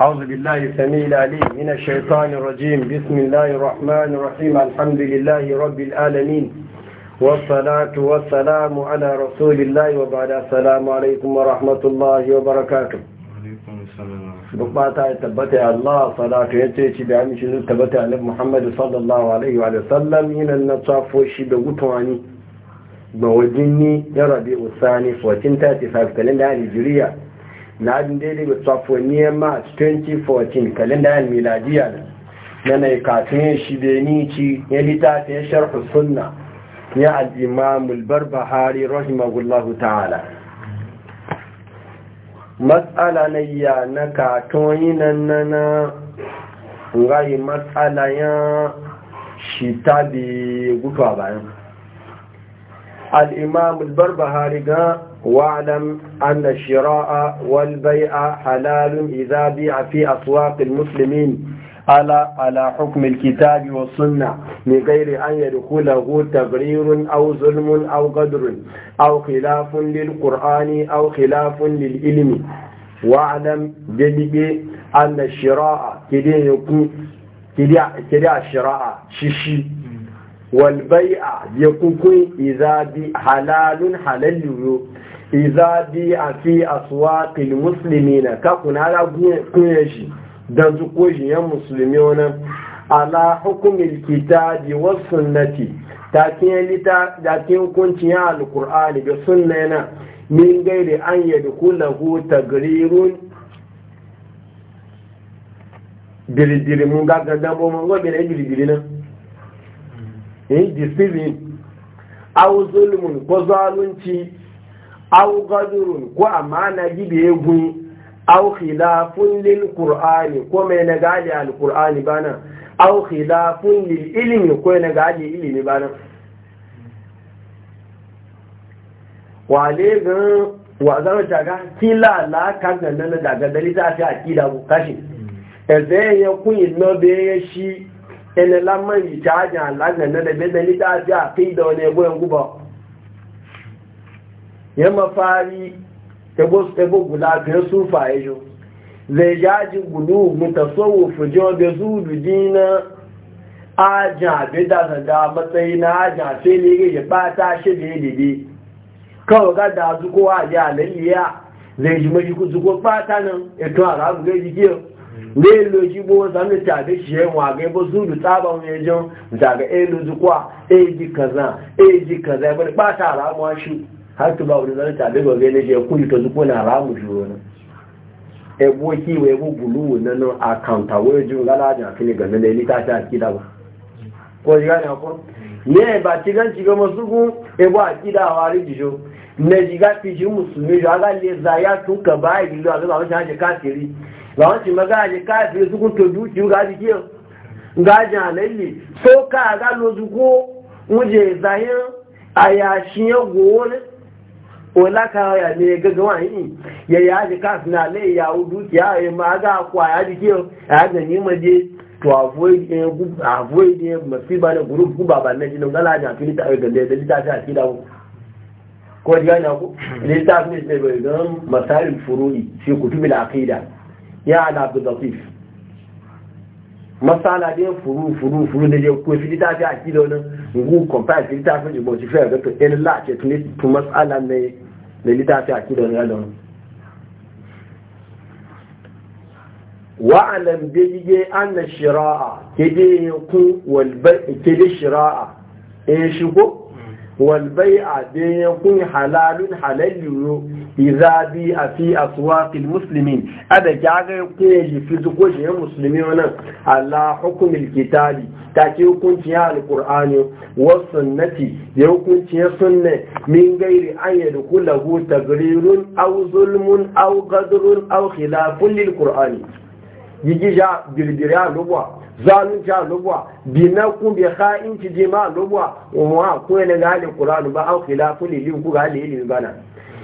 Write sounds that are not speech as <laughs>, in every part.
أعوذ بالله السميع العليم من الشيطان الرجيم بسم الله الرحمن الرحيم الحمد لله رب العالمين والصلاة والسلام على رسول الله وبعد السلام عليكم ورحمة الله وبركاته bukata ya tabbata ya Allah salatu ya ce ci da aminci zai tabbata ya nabi Muhammadu sallallahu alaihi wa sallam yana na tsafo shi da gutuwani Ba wajen ni ya rabi usani 1435 kalenda hijiriya na adin daidai da tsafoniyar march 2014 kalenda yan miladiya na na ikatun yin shi ci ya ta ya sharhu sunna ya al'imamul barbahari rahimahullahu ta'ala matsala na iya na katon yi nan nana ngayi matsala ya shi bi gutuwa bayan al'imamul barbahari ga واعلم أن الشراء والبيع حلال إذا بيع في أسواق المسلمين على على حكم الكتاب والسنة من غير أن يدخله تغرير أو ظلم أو قدر أو خلاف للقرآن أو خلاف للعلم واعلم جدي أن الشراء كدي يكون كدي الشراء ششي والبيع يكون إذا بي حلال حلال iza bi a fi aswaqil musulmi na kakuna ala kunye shi don su koji yan musulmi wani ala hukumil kitabi wasu sunnati ta kiyan lita da kiyan kunci ya da bi yana min gairi an ta tagrirun diridiri mun ga ga dabo mun go bere diridiri na eh deceiving a zulmun ko zalunci aw gadirun ko amana gibe egun aw khilafun lil qur'ani ko mai na gaji al qur'ani bana aw khilafun lil ilimi ko na gaji ilimi bana wale ga wa zama daga kila la kan nan na daga dalita ta a akida ko kashi ebe ya kun ino be shi ene lamman yi ta ajan alagan na da be dalita ta akida ne go en gubo ya mafari ego guda biyar sufa ya jo zai yaji gudu mutasawufu jo da zudu dina aja bi da da matsayi na aja sai ne ya bata shi da yadda kawai ga da zukowa ya lalliya zai ji mashi zuko bata nan eto a rabu ga jike ne lo ji bo za mu ta da shi wa ga bo zudu tsaba mu yajo daga e eh, lo zukowa e eh, ji kaza e ji kaza ba ta ramuwa shi Hatu ba wani zai tabi ba ne shi ya kuri ta zuko na ramu shi wani ebo kiwa ebo bulu na no, akanta wani jin galajen a kini gane da ni lita ta akida ba ko shi gane ko ne ba ci gan ci gama suku ebo akida a wari jisho ne ji ga fi shi musulmi shi aga le zaya tun ka ba yi lilo a zama shi hajji kafiri ba wani ci maga hajji kafiri suku to dukiyu ga hajji kiyo gajin alalli so ka ga lo zuko wuje zayen a yashin ya gowo ola ka ya ne gaga yi ya ya ji kas na le ya udu ya yi ma ga kwa ya ji ke ya ga ni ma je to avoid eh avoid eh masiba na group ku baba na jinin gala ja fili ta ga da da ta ta ki da ko ji na ku ne ta ne ne ga masail furu'i shi kutubil aqida ya ala abdul latif masala de furu furu furu de je ko fili ta fi a kilo nan ngu pa fili ta fi bo ti fe ga to en la ce tuni tu masala ne da li ta fi a kilo nan wa alam bi je an shira'a ke je ku wal bai ke je shira'a e shugo والبيع دين يكون حلال حلال يرو إذا بيع في أسواق المسلمين هذا جاغ يقول في زكوش المسلمين على حكم الكتاب تاكي يكون فيها القرآن والسنة يكون فيها سنة من غير أن له تغرير أو ظلم أو غدر أو خلاف للقرآن يجي جا بربريا لبوا zalunci a lubwa bi na kun bi kha'inci je ma lubwa wa ko ne ga alin qur'anu ba an khilafu li lin ku ga alin ilimi bana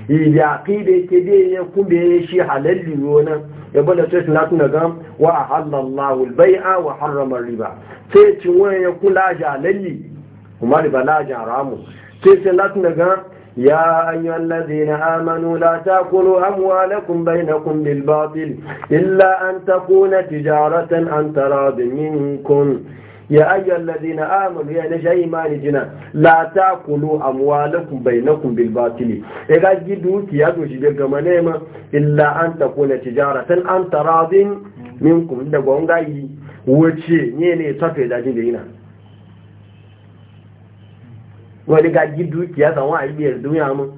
idi aqide ke de ne kun be shi halalli wona ya bada to shi latu na gam wa halallahu al-bai'a wa harrama riba sai cin wani ya kula ja halalli kuma riba la ja haramu sai sai na na gan. يا أيها الذين آمنوا لا تأكلوا أموالكم بينكم بالباطل إلا أن تكون تجارة أن تراض منكم يا أيها الذين آمنوا يا نجا ما نجنا لا تأكلوا أموالكم بينكم بالباطل إذا جدوا تيادوا جبير كمانيما إلا أن تكون تجارة أن تراض منكم إذا قوانغاي وشي نيني تفيدا جدينا wani ga ji dukiya zan wa ibiyar duniya mu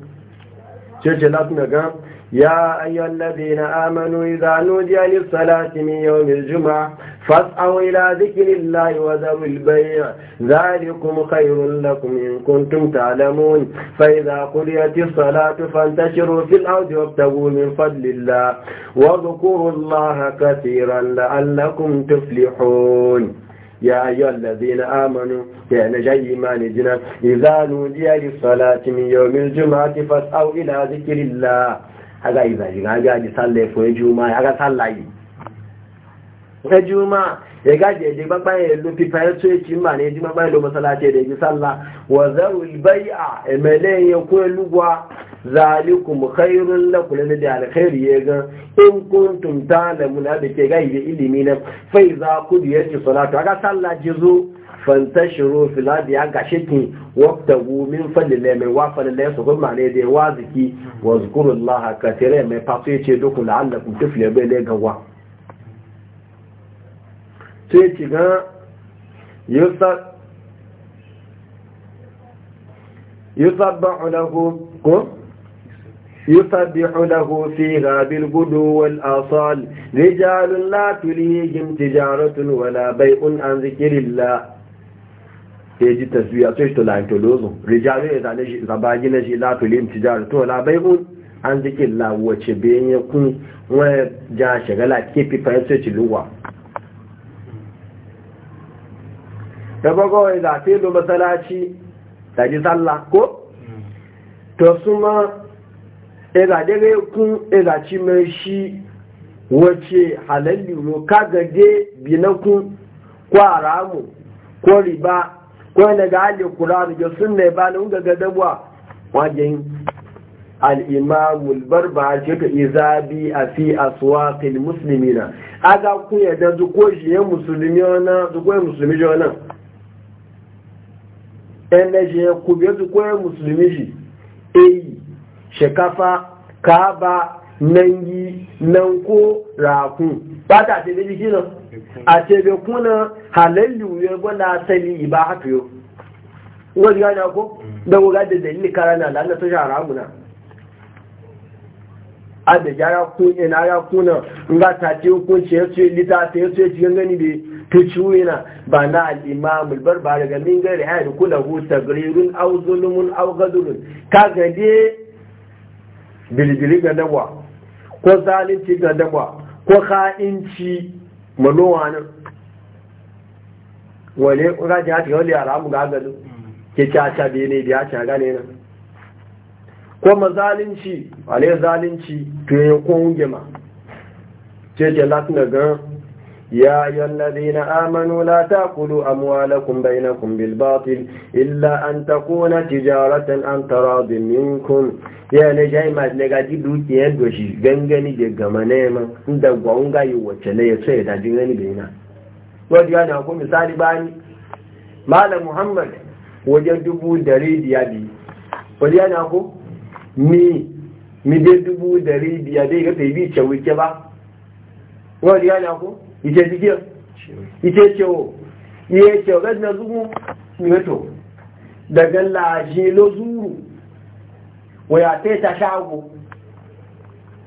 cece lati na gan ya ayyuhan ladina amanu idza nudiya lis salati min yawmil jumu'ah fas'au ila dhikrillahi wa dhawil bay' dhalikum khayrun lakum in kuntum ta'lamun fa idza qudiyatis salatu fantashiru fil ardi wabtaghu min fadlillah wa dhkurullaha katiran la'allakum tuflihun ya ayyuhal ladina amanu ya na jayi imani jina idza nudiya li salati min yawmil jumu'ati fas'au ila zikrillah aga idza jiga ga di sallai fo juma'a aga sallai fo juma'a ya gaji ya je gbagba ya ji pipa ya tsoye ci ma ne ya ji gbagba ya lo masalaci ya ji sallah wa zarul bai'a ne ya ko lugwa zalikum khairun lakum ne da alkhairi ya ga in kun kuntum ta'lamun da ke gaji da ilimi na fa a kudu ya ci salatu aga sallah ji zo fantashiru fil ardi ya gashe ki wabtagu min fallile mai wa fadlillah su kuma ne da wa ziki wa zkurullaha katira mai fatu yace duku la'allakum tuflihu bai ne gawa sai ki ga yusa yusabbahu lahu ko يسبح له غاب بالغدو والآصال رجال لا تليهم تجارة ولا بيء عن ذكر الله ya ji taswiya sai to lantolozo rijalu ya zane zabagi gina shi la to lim tijar to la bai'un an dike la wace bayan ya kun wani ja shagala ke fifa ya sai luwa da bago da zafe do masalaci da ji sallah ko to suma ila daga kun da ci mai shi wace halalli lo kagage binakun ko haramu ko riba kawai na ga ali qur'an sun na ba na wunga ga dabwa wajen al'imamul imam al-barba ce ka izabi a fi aswaq musulmi na. A ga ya da ko shi ya musulmi yana ko ya musulmi shi ene je shi ya ko ya musulmi shi eyi shekafa kaba nangi nanko rakun ba ta ce da jikin a ce bai kuna halallu ya gwada yi ba haka yau wani yana ko da wuga da dalilin karana na da ana shara muna a da jara kuna ina ya kuna ba ta ce hukunci ya ce lita ta ya ce cikin gani da tuci yana ba na al'imam ulbar ba daga min gari ya da kula hu tagririn au zulumun au gazulun ka gade bilibili ga dawa ko zalunci ga dawa ko ka'inci malowani wale ƙwaji ya tiyo liyara mu gagalin ke caca biyu ne biya ce gane nan kuma zalinci wale zalinci tuyoyi kowunge ma ce ce latina da ya yallazi na amanu la ta kudu amuwa bainakum bilbatin illa an ta kuna tijaratan an tara bin minkun ya ne jai ma ne ga jidu ki ya doshi gangani da gama ne ma inda gwan ga yi wace ne ya so ya daji gani da yana wadi yana ko misali bani malam muhammad waje dubu dari biya bi wadi yana ko mi mi je dubu dari biya dai ga tayi bi ce wuce ba wadi yana ko ite dike ite ce o iye ce ga na zugu ni to daga laji lo zuru waya ta ta shago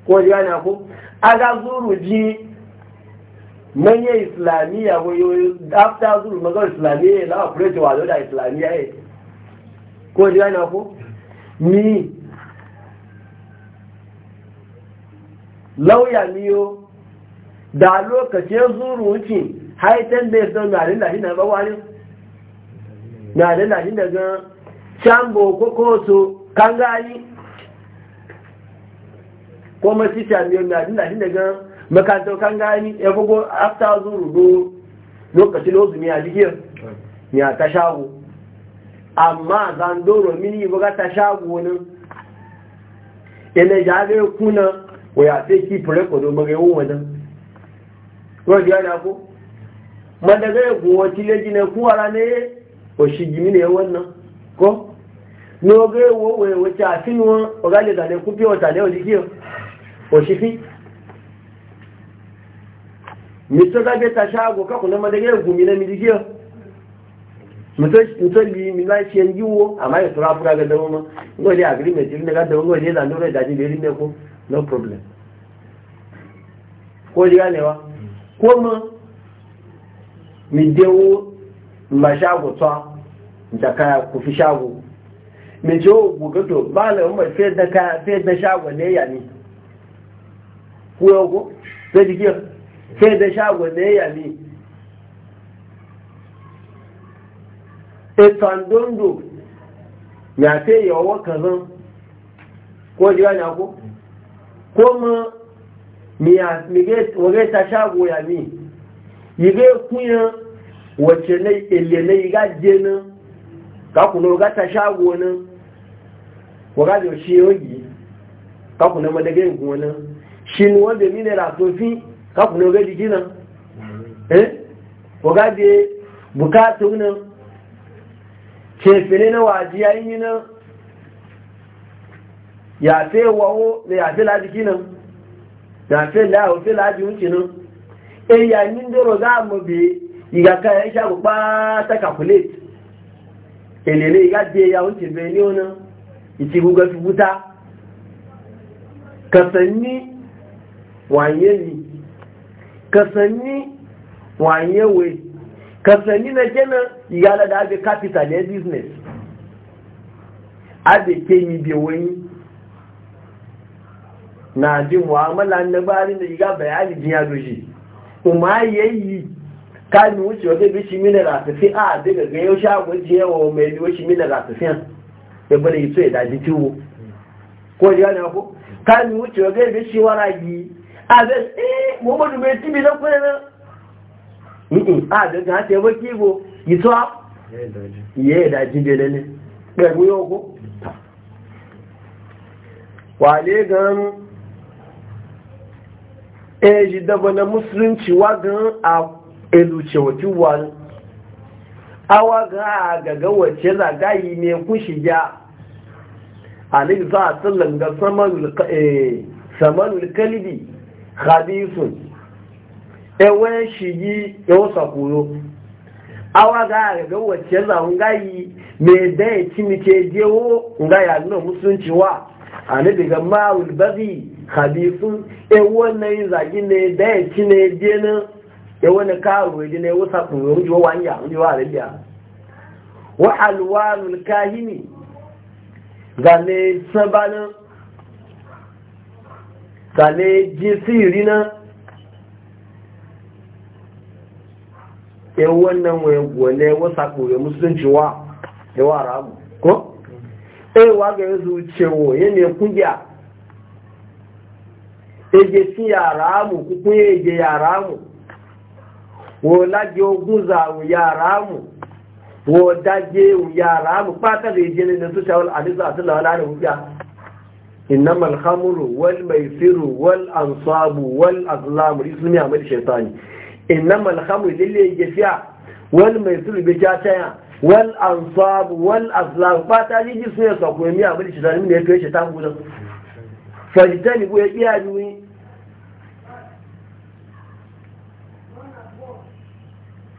ko ji gane ku aga zuru ji manye islamiyya wayo after zuru magar islamiyya na operate wa da islamiyya eh ko ji gane ku ni lauya miyo da lokacin zuru wuce haitan da ya zo na da shi na bawani na da shi daga can boko ko so kan gani ko masisha mai na dinda dinda ga makarantar kan gani ya fago after zuru do lokacin ozumi a jikiyar ya ta shago amma zandoro mini yi buga ta shago nan ina jage kuna wa ya sai ki fure kodo don magai won wadan ko ji ana ko manda ga ko wati le jine ku ne o shi gimi ne wannan ko no ga wo we wata sinwa o ga le ne ku bi wata ne o dikiyo òṣìfí mìtọ́gágbé ta ṣáàgò kọkùnlẹ́ mọ́dégé ògùn mi lẹ́mi dígí ọ̀ mìtọ́gbì mi láì ṣe yíwó àmá ìtura fúra gẹ́gẹ́ wọn ngọ́ ilé agreement ilé gẹ́gẹ́ ngọ́ ilé ìlànà rẹ̀ ìdájí lè rí mẹ́kún no problem Ko lè rálẹ̀ wa kó mọ́ mi déwó mà ṣáàgò tọ́ ìjàkáyà kò fi ṣáàgò mi tí ó gbogbo bá lẹ́wọ́n da shago ne ya ni koyo ko sai jikin sai da shagon da ya yami etandondo ya te yawon kazan ko jiya na ko ko ma wage ta shago ya mi yige kunya wace na ile na yiga jenin kakuna waga ta shago nan waga da shi yogi kakuna madaga yin kuma nan ṣe ni wọ́n bèmí nẹ́ra tó fi kákùnrin ọgẹ́ di jìnà ọgá di bukatu náà ṣe náà wà jí ayé náà yàfẹ́ wọ́wọ́ lè yàfẹ́ láti kí náà yàfẹ́ láàfẹ́ láti ń kì èyà ní dọ́rọ̀ dáàmù bí ìgàkà ẹ̀ ṣàkó pátá fi waye yi kasanni waye we kasanni na kenan igala da abe capital ne business abe ke ni be wani na ji mu'amala na bari da iga bayani jiya doshi kuma yayi kani wuce wata bishi mina rafafi a daga ga yau shagon jiya wa mai biyo shi mina rafafiyan ya bane yi so ya daji ciwo ko ji gane ko kani wuce wata bishi wara yi àbẹ̀ mọ́mọ́dù bẹ tí na lọ́pẹ́ ìtọ́ ìyẹ́ ihe bẹ̀rẹ̀ ní pẹ̀lú na musulunci wá gan a elucewaci wà awa gan a gagawace zagayi ne kushi ya a za a tsallan ga saman kalibi khabisun ewe shigi yau sakuro awa ga ga wacce za gayi me da e ya mi ce jewo ga na nuna wa ani daga ma'ul bazi hadithu, e wannan zagi ne da ya ne je nan e wani karo ne ji wanya wa arabiya wa alwanul kahini ga sàlẹ̀ jí sí ìrìnà ẹwọ́n náà wọ́n ẹgbọ̀ ya ẹwọ́ sàpò rẹ̀ musulunci wá ẹwọ́ ara mú kọ́ ẹwà ya ara ṣẹwọ̀ yẹn ya ẹkúnjẹ́ ẹjẹ sí yàrá mú kúkún ẹjẹ yàrá mú wọ́n lájẹ ogún zàrù yàrá mú wọ́n dájẹ́ yàrá mú pátá lè jẹ́ na tó ṣàwọn àdísà àti làwọn láàrin إنما الخمر والميسر والأنصاب والأظلام اسمي عمل الشيطان إنما الخمر للي يجفع والميسر بجاتيا والأنصاب والأظلام فاتالي جسمي يسوكو يمي عمل الشيطان من يتوى الشيطان بولا فاجتاني بويا إياجوي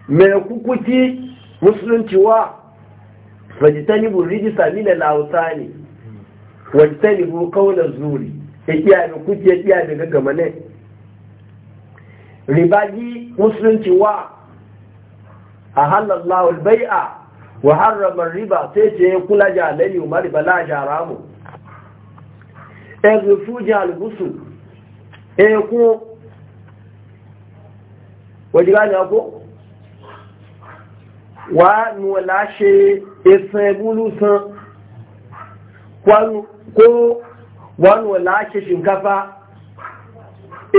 mai kukuti musulunci wa fajitani buriji samina lauta الأوثاني wajtani bu kaula zuri ya kiya da kuke ya kiya daga gamane ribaji musulunci wa a halallahu albai'a wa riba sai ce ya kula jalali umar bala jaramu e ko wa nuwa lashe esan ebulu san e ko wani lashe shinkafa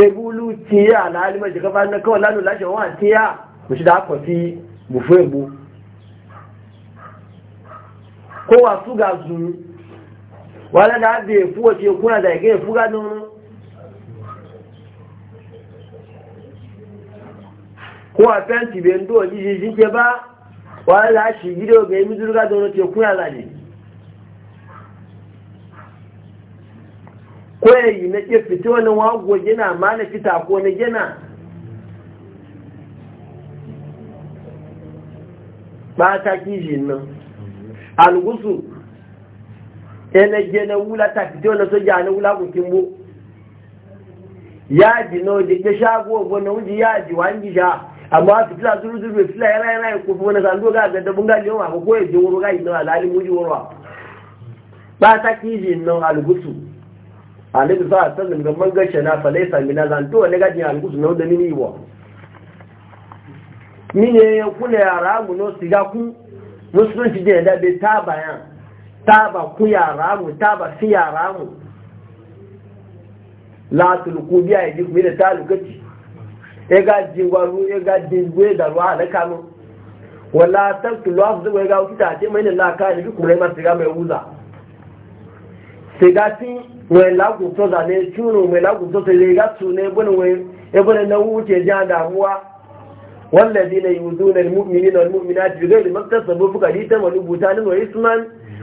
ebulu tiya na alimar shinkafa na kawai lanu lashe wani tiya mu shi da aka fi bufu ebu ko wa su ga zuru wala da abu ya fuwa ce kuna da ya fuga nono ko a fenti bai ndo a ba wani da shi gido ga yi mizuru ga nono ce kuna da ne koyayi na ke fito wani wago gina ma na fita ko na gina ba ta kishin nan algusu ena gina wula ta fito wani soja na wula kukin bo yaji na wajen ya shago wani wuji yaji wani sha amma su fila zuru zuru fila yana yana ya kufi wani sando ga ga dabin gali yawan ko ya je wuro ga yi na alalin wuji wuro ba ta kishin nan algusu annabi za a sallam ga man gashe na falaisa mina zan to ne gajin gudu na da mini wa mine ya kula yara mu no siga ku musulunci je da be taba yan taba ku yara mu taba fi yara mu la tulku biya ya ji ku da talukaci e ga jingwaru e ga jingwe da ruwa da kanu wala taqtulu afzu wa ga ku ta ce mai la ka ne ku rai ma siga mai wuza siga sun. wai lagun to zane tuno mai lagun to sai ga su ne bune wai ibn na wuce ja damuwa والذين يؤذون المؤمنين والمؤمنات بغير ما اكتسبوا فقد يتموا بهتانا وإثما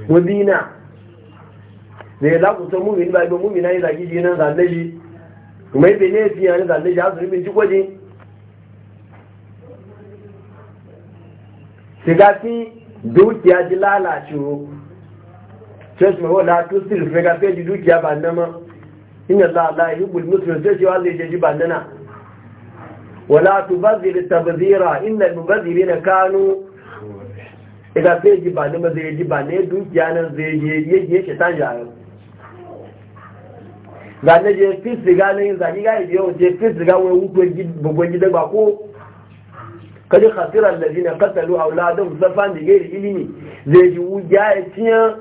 مبينا ne za ku san mumini ba ibin mumina ya zagi shi nan kuma ibe ne fi yana zane shi hasu ribin cikwaje shiga fi dukiya ji lalacewo sai mai wala to sil fe ga sai dukiya ba nan ma inna allaha la yuhibbul muslimin sai cewa zai ji ba nan wala tubazir tabzira inna al-mubazirina kanu idan sai ji ba nan ma zai ji ba ne dukiya nan zai je je shaitan ya yau zane je fi siga na yin zane ga yau je fi siga wani wuto babban da ba ko kaji khasirar da zina kasalu a wuladun safan da gairi ilimi zai ji wuya ya ciyan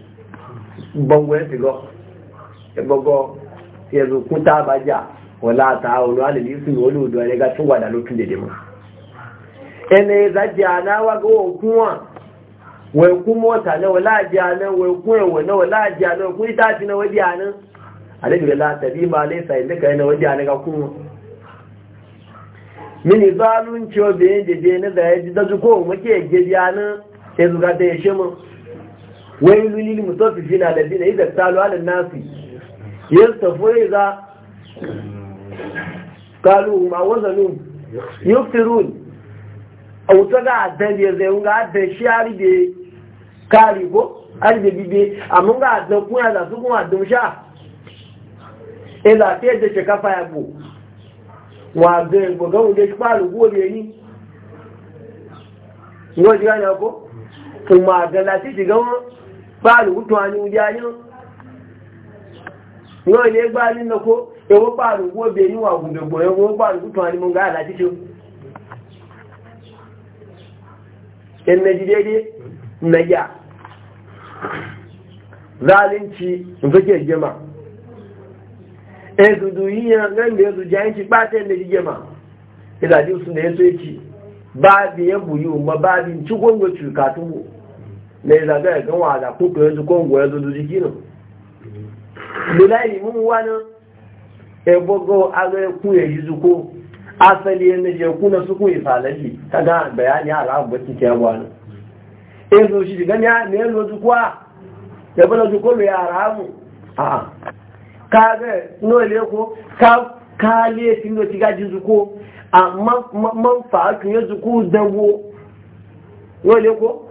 gbọ́ngbọ́ ẹ̀ tìgọ́ ẹgbọ́gọ́ tí ẹ̀rù kú tá a bá jà wọ́n láta olú alèlé sí ìwọ́n lòdù ẹ̀rẹ́gá tó wà lálókùn dèdè mọ́ ẹnì ìdájẹ́ anáwágó òkun wọn wọ́n kú mọ́ta náà wọ́n láàjẹ́ aná wọ́n kú ẹ̀wọ̀ náà wọ́n láàjẹ́ aná wọ́n kú ìtàtí náà wọ́n jẹ́ aná alẹ́bìrẹ́ látàbí máa lẹ́sà wọn ويل للمطففين الذين إذا اكتالوا على الناس يلتفوا إذا قالوا هم وزنهم يكثرون أو تقع الدم يزيون قاعد بشياري بي كاريبو أربي بي بي أما قاعد نقوم هذا سوكم عدم شاه إذا تيجي شكافا يبو وعندما يقولون ليش قالوا قولي يعني wọ́n ti ránà ọkọ́ tùmọ̀ àgànlá sí ti gánwọ́n páàlù kútù wá ní ojú ayé náà ilé gbá nínú kó ewó páàlù kó bè ní wà gùnbẹ̀gbọ̀ ewó páàlù kútù wá ní mọ́ gáà láti ṣe ẹnẹ́jì mẹ́jà zalunci nfake jema ezudu yiyan ganda e da ya so ya ci báàbí ya buyi umar mai zagaya zaga ya gan wada ko to yanzu ko ngwa yanzu jiki no lulai mun wani ebogo aga e ku ya e yizu ko asali yana e je kuna su ku ifalaji kaga bayani ala abu kike ya wani ezo shi diga ne ne lozu kwa ya bala ju ko ya ramu a kaga no le ko ka ka le tin do tiga jizu ko amma man fa ku yanzu ku dawo wale ko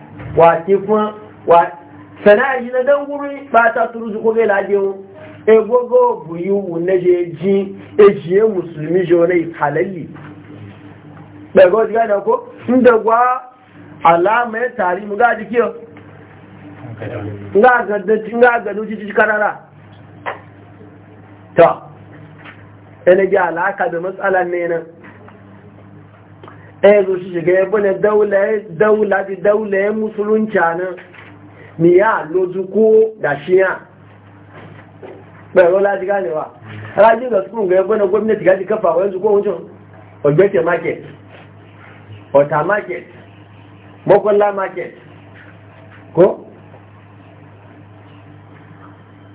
wa ti fún wa sana'a yi na dan guri ba ta turu su kogai ladewo egogo wu na je ji ejiye musulmi jonai halalli daga wajen gada ko inda gwa alama ya tari mu gaji kiyo nga gado cikin karara ta yana bi alaka da matsalan ne nan ɗaya zo shi shiga ya bane daula bi daula ya musulunci nan ni ya lozu ko da shi ya ɓero laji ganewa rajin da sukun ga ya bane gwamnati gaji kafa wa yanzu ko ogbete market ota market market ko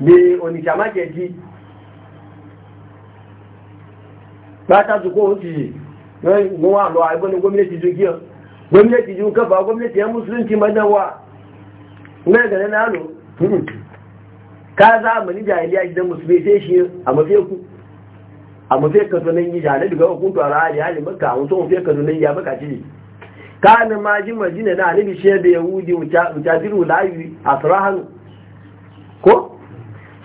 bi market ba ta zuko mun wa lo ai bane gwamnati ji giya gwamnati gwamnati ya musulunci Me na hmm. ka za ni shi a mafi ku a mafi ka to nan yi daga a makka mafi ka to nan ya baka ci kana ma ji majina da alibi shebe yahudi mutaziru layu asrahan ko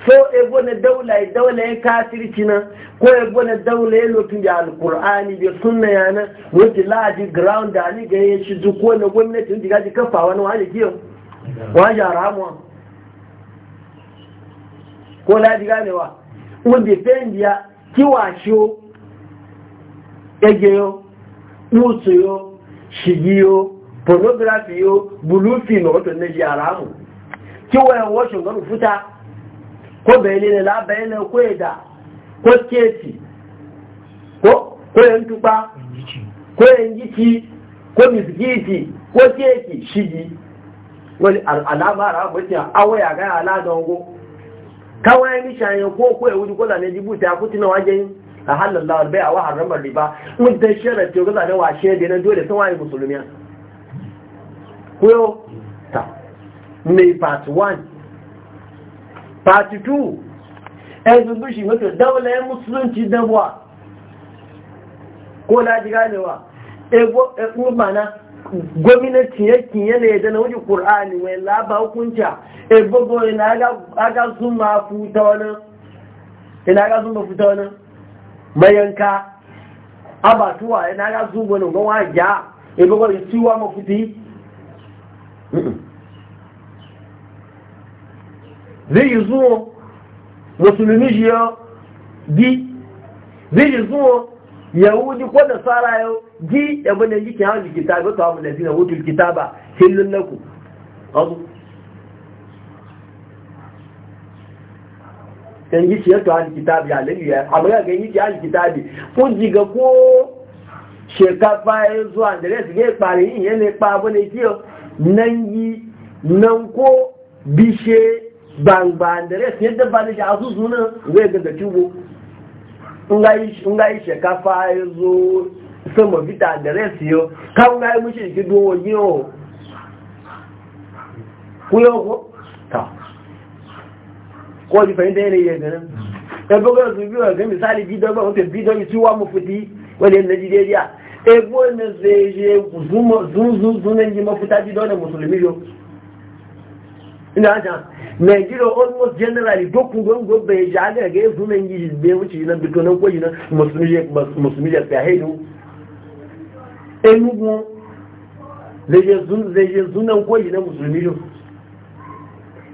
so ebo na daula ya daula ya kafirci nan ko ebo na daula ya lokin da alkur'ani da sunna ya nan wata laji ground da ni ga ya shi zuko na gwamnati da gaji kafa wani wani kiyo wani jaramuwa ko laji ganewa wanda fendiya kiwasho egeyo musuyo shigiyo pornography yo bulufi na wato na jaramu kiwayen washin garu futa ko bayani la bayani ko da ko keti ko ko yan tuba ko yan giti ko miskiti ko keti shigi wani alama ra mutum awaya ga ala dongo kawai ni shaye ko ko ya wuji ko da a halal a wa haramar riba mutum sharar ce ga washe da dole sun waye part 1 part 2 ẹgbùgbù ṣì mọ́tò dáwọlẹ̀ mùsùlùmí dánwà ko láti gánewa ẹkùn mana gwamnati ya kinye na yadda na wuce ƙur'ani mai laba hukunca ebogo ina aga zuma fi wani ina aga zuma futa wani mayanka abatuwa ina aga zuma wani gawa ja ebogo isuwa mafuti zai yi zuwa musulmi shi ya bi zai yi zuwa yahudi ko da tsara yau gi da bane yi kyan hajji ta abu da zina hutu kitaba hillun naku abu kan yi ciyar ta hajji kitabe a lalliya amma ya kan yi ciyar hajji kun ji jiga ko shekafa ya zuwa da resu ne kpari yin yana kpa abu ne kiyo nan yi nan ko bishe gbangba da res yadda ba da shi a zuzu nan zai ga da tubo in ga yi shekafa ya zo sama fita da res yau kan ga yi mushi shi dowo y'o. ku y'o ko ta ko ji fahimta yanayi ya ganin ebe ga su biyu ga misali bidon ba wata bidon yi ciwa mu fiti wani ne yadda jideriya ebe wani zai je zuzunan ji mafuta bidon da musulmi yau ina nigeria almost generally dokun gongo bai ja ga ga yanzu nan yi bai wuce nan bito nan koyi nan musulmi ya fiye haidu enugu zai yanzu nan koyi nan musulmi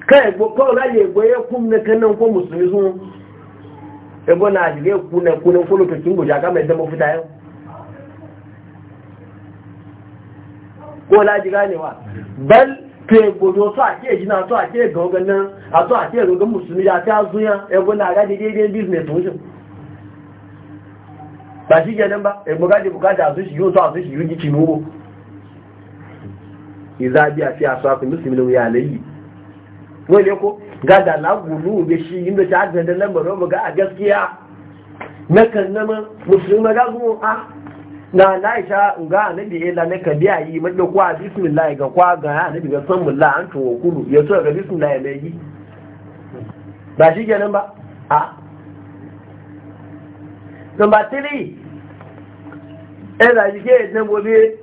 Ka yau kai kawai raye gwaye kun na nan ko musulmi sun ebo na ajiye kuna kuna kuna to kingo ja ga mai fita mafita yau ko la ji wa, bal pe gbogbo tó àti èjìnà tó àti ègàngan náà àtó àti ègàngan mùsùlùmí àti azúyán ẹgbọ́n náà àgájẹ́ déédéé bísínẹ̀sì oúnjẹ ki mu. nẹ́mbà ẹgbọ́gájẹ́ bùkátà àtúnṣì yóò tó àtúnṣì yóò jíkì mú ìzájí àti àṣọ àpè mùsùlùmí lórí àlẹ́ yìí wọ́n lè kó da lágùnú òbí ga inú ṣe àgbẹ̀dẹ̀ lẹ́mọ̀rọ̀ musulmi àgẹ́síyà mẹ́kànnẹ́mọ́ mùsùlùmí mẹ́gágún na laisha ga annabi ila e na ka biya yi maka kwa bismillah ga kwa ga annabi ga san mulla an to kulu ya so ga bismillah ya e mai ba shi kenan ba a number 3 ina e yake dan gobe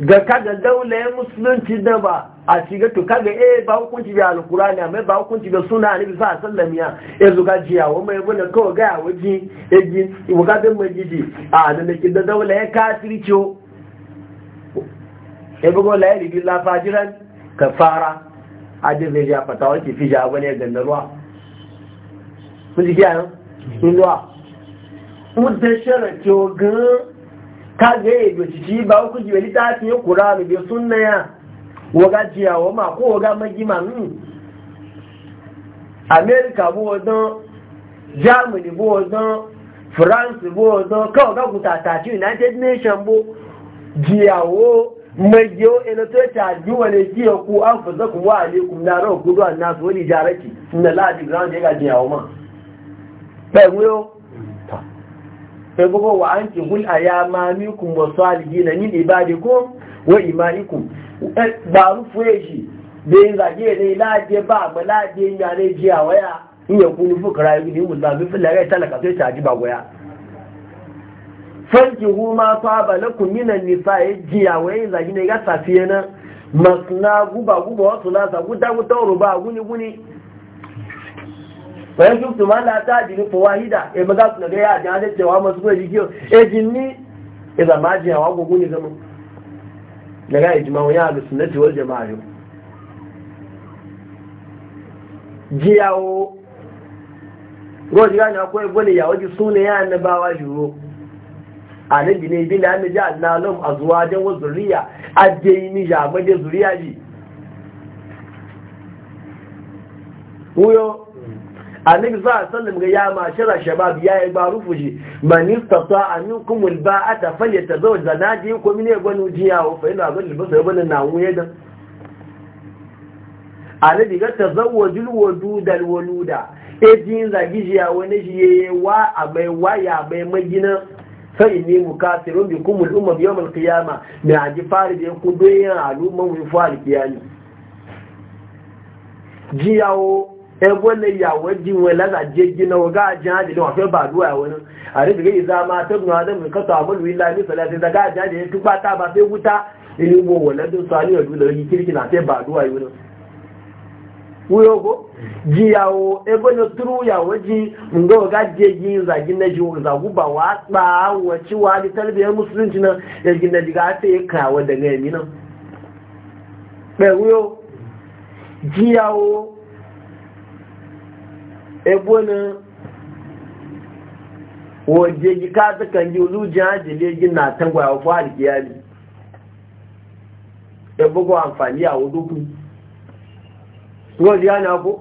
ga ga daular musulunci da ba a shiga to kaga eh ba hukunci bi alqur'ani amma ba hukunci bi sunna annabi sallallahu alaihi wasallam ya eh zuga jiya wa mai bune kawai ga waji eji wuga da mai jiji a da nake da dawla ya kafirci eh bugo la yali bi la fajiran kafara adin zai ya fata wace fi ja bane ganda ruwa kun ji kiyaye kun ruwa mun da sharati o gan kaga eh do ci ba hukunci bi litafi qur'ani bi sunna ya waga jiyawo ma ko waga magima nun Amerika bó ọdán germany bó ọdán france bó ọdán káwọ̀gá kùtà àtàkì united nations bó jiyawo magiyo eletota juwane ji ya ku an fi zakun wa alaikum na rawar kudu an nasu wani jaraki na ladi ground ya gaji yawon ma ɓayin yau ta ɓayin wa an ki hul a ya mami kun wasu aligi na nin ibadi ko wa imanikum eh, barufu yaji da yin zage ne laje ba ma laje ya ne jiya waya in yi kunu fukara yi ne mun zabi fil lagai talaka sai ta ji ba goya fanki huma faba lakum minan nisa'i jiya waya zage ne ga safiye na masna guba guba wasu lasa guda guda ruba guni guni bayan shuktu ma la ta jini fawahida e eh, maza su na ga ya jihar da cewa masu kuma jikiyo e eh, jinni e zama jiyawa gugu ne zama daga ijima wani abu sunnati wal jama'a yau jiyawo roji gani akwai gwani ya waje suna ya annabawa shiro a nan bi bin da an ji annalum a zuwa don wa zuriya ni ya zuriya ji wuyo annabi za a sallam ga ya mashira shabab ya yi ba rufu shi man istata aminkum alba'ata falyatazawwaj zanaji ko mine gwanu jiya wa fa ina gwanu basa gwanu na wuye da annabi ga tazawwajul waduda alwaluda ejin zagijiya wani shi yayi wa abai waya bai magina sai ne mukasirun bikum al-ummah yawm al-qiyamah mai aji fari da kudoyin al'umma wi fari kiyani jiyawo ebo ne yawo jinwe laza jeji na waga ajin hajji na wafe ba duwa wani a rufe gai zama ta gina wadda mai kasa a malu illa ni salati da ajin hajji ya tuba ta ba sai wuta ilu bo waladun sani wa dula yi kirki na sai ba duwa wani wuyo ko ji yawo ebo ne turu yawo ji nga waga jeji zagi na ji zagu ba wa tsa wa ci wa ni talbiyar musulunci na ya na diga sai ya kawo daga yami nan. Ɓe wuyo, ji yawo ebona waje ji ka ulu yi zuciya jilegi na tangwa ya fi alkiyali ya bugu amfani a wuduku rojiya na ku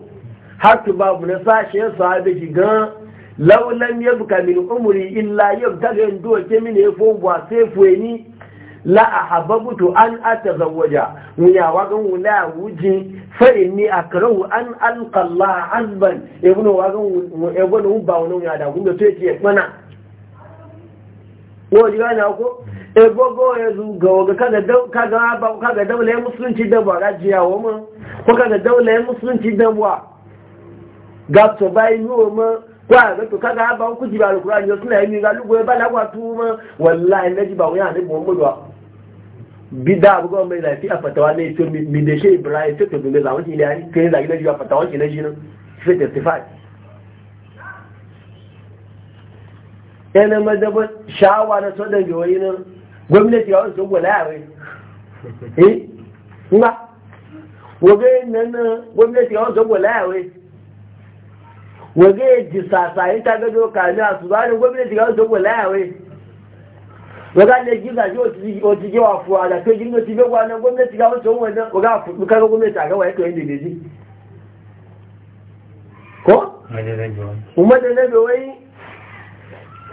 haka babu na sashen sahabi shiga laulan ya buka min umuri illa yau ta ga yin duwa ke mini ya fi sai fuwe ni la ahabbtu an atazawwaja munya wa gan wula wuji fa inni akrahu an alqa Allah azban ibnu wa gan ibnu ba wono ya da gumbe to yake mana ko ji gane ko ebogo yanzu ga waga kaga kaga ba kaga daular musulunci da ba gajiya wa mu ko kaga daular musulunci da ba ga to bai ni wa mu kwa ga to kaga ba ku ji ba alquran yo suna yi ga lugo e ba la kwa tu mu wallahi naji ba wani ne bombo bida abubuwa mai lafi a to mi da ibrahim sai to dole zaman shi ne ai kai zagi na jiwa shi fi shi nan sai testify yana madaba shawa na sodan gawayi na gwamnati ya wasu gwala ya wai eh nga wage nan gwamnati ya wasu gwala ya wai wage ji sasayi ta gado a su zanen gwamnati ya wasu gwala ya wai waga ne giza ji o ti ji wa fuwa da to jingo ti be wa na gwamnati ga wato wannan waga fu ka ga gwamnati ga wai to yin ne ji ko kuma da ne be wai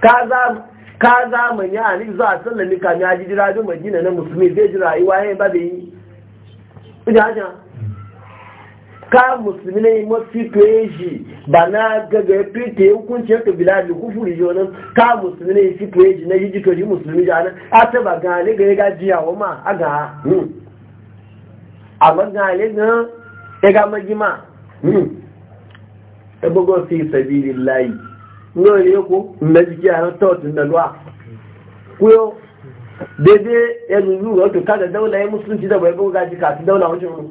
ka za ka za mu ne sallami ka ya ji jira da madina na musulmi zai ji rayuwa yayin ba bai yi kuja ka musulmi ne mafi tuyeji ba na gaga ya fita hukuncin ka bila da kufuri jonin ka musulmi ne fi shi, na yiji tori musulmi jana a ta ba gane ga ya gajiya e wa ma a ga hmm. amma gane e hmm. e na ya ga magima ya bugo fi sabili layi n'o ye ko na jiki a ta tun da luwa kuyo daidai ya nuru wato kada daula ya musulunci da bai buga jika su daula wajen mu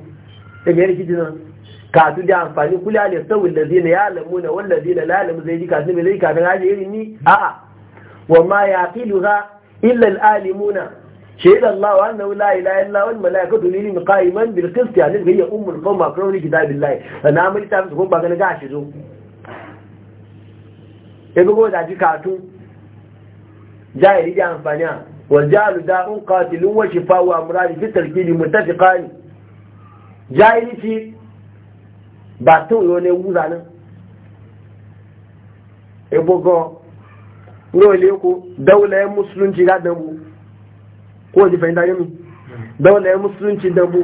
daga yarki jinan kasu da amfani kula da sauyin da zina ya alamu na wanda zina la alamu zai ji kasu mai zai kafin haji iri ni a'a wa ma ya filu ha illa al'alimuna shaida Allah wa annahu la ilaha illa wal malaikatu lil muqayiman bil qist ya nabi ya ummul qawm akroni kitabillahi sana mai ta ko ba ganin gashi zo e go da ji katu jahiri da amfani wal jalu da'un qatilun wa shifa'u amrani fi tarkibi muttafiqani jahili ba tun yo ne wura nan ebogo role ko daula ya musulunci ga dambu ko ji fahimta yami daula ya musulunci dambu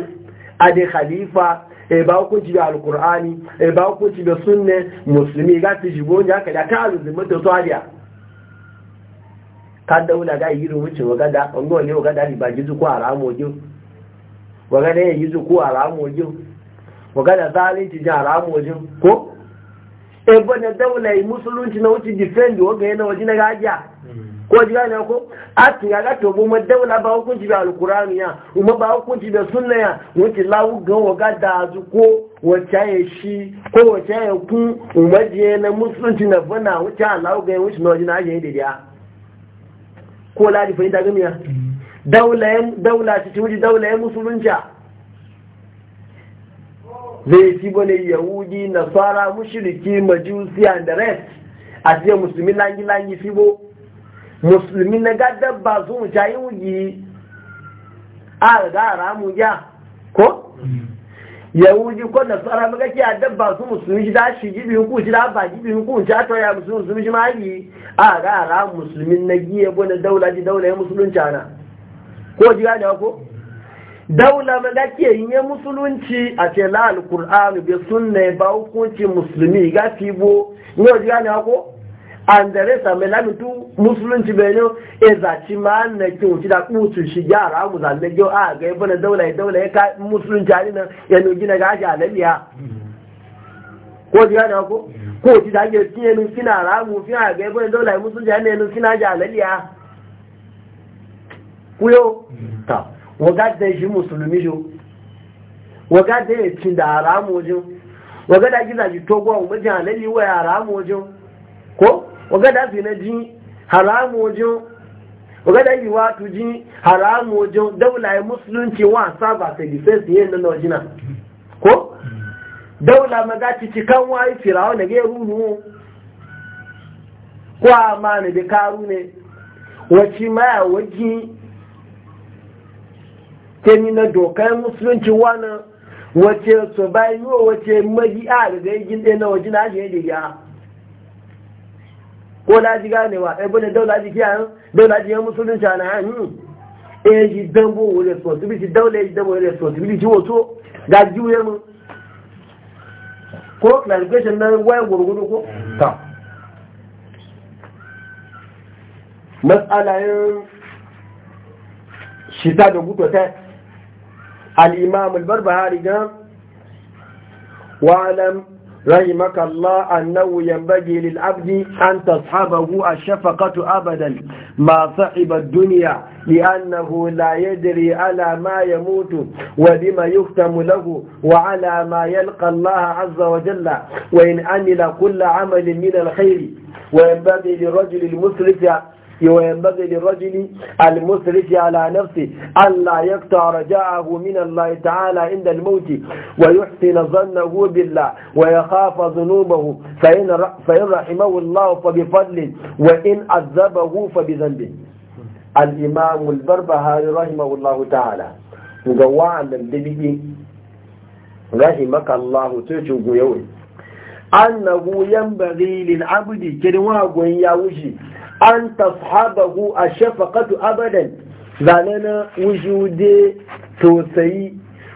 a da khalifa e ba hukunci da alkur'ani e ba hukunci sunne musulmi ga su shigo ne haka da ta azuzumin da su ka daula ga yi rubuce wa gada ɓangare wa gada ribaji zuku a wagana zalinci jihar amu wajen ko ebo eh, na daula yi musulunci na wuce defend waga yana waje na gajiya ko ji gane ko a ti ga ga to mu daula ba hukunci da alqur'ani ya kuma ba hukunci da sunna ya wuce lawu ga waga da zu ko wacce ya shi ko wacce ya ku umaje na musulunci na bana wuce lawu ga wuce na waje na aje da dia ko ladi fa inda mm-hmm. ya daula daula ci wuce daula musulunci zai ci bane yahudi nasara mushriki majusi and the rest a ce musulmi langi langi fibo musulmi na gadar ba su mu cayi wuji a ga ramu ya ko yahudi ko nasara ba ke a dabba su musulmi shi da shi gibi ku shi da ba gibi ku shi ta ya musulmi musulmi shi mali a ga ramu musulmi na giye bane daula ji daula ya musulunci ana ko ji gane ko daula ma ga ke yin musulunci a ce la alqur'anu bi sunna ba hukunci musulmi ga tibo ne o ga ne ko andere sa me la mitu musulunci be no e za ci ma na ki o ti da ku tu shi ya ra mu za ne jo a ga ibn e daula e daula e ka musulunci ali na ya no gina ga ja labiya ko ji ne ko ko ti da ge ti enu sina ra mu fi a ga ibn daula musulunci ali enu sina ja labiya kuyo ta waga da shi musulmi jo waga da ya cin da haramu wajen waga da gina ji togo wa mijin halalli wa haramu wajen ko waga da zina ji haramu wajen waga da yi wato ji haramu wajen daula ya musulunci wa saba ta difensi yin nan wajina ko daula maza ci cikan wayi firawa na geru nu ko ne da karu ne wacce ma wajen kemi na dokar musulunci wani wace su bayi yiwu wace magi a daga yi ginde na waje na ajiye da ya ko da ji ganewa ebe da daula ji kiyayen daula ji yan musulunci a na hannu e ji dambo wa responsibility daula ji dambo wa responsibility wato ga juye mu ko clarification na wayan gurgudu ko ta matsalayin shita da gudu ta الإمام البربهاري قال واعلم رحمك الله أنه ينبغي للعبد أن تصحبه الشفقة أبدا ما صحب الدنيا لأنه لا يدري على ما يموت وبما يختم له وعلى ما يلقى الله عز وجل وإن عمل كل عمل من الخير وينبغي للرجل المسرف وينبغي للرجل المسرف على نفسه ألا يقطع رجاءه من الله تعالى عند الموت ويحسن ظنه بالله ويخاف ذنوبه فإن, فإن رحمه الله فبفضله وإن عذبه فبذنبه الإمام البربهاري رحمه الله تعالى قواعا للدبي رحمك الله تشوق يوم أنه ينبغي للعبد كنوا قوين an tashabahu a shafaqatu abadan zane na wujude tausayi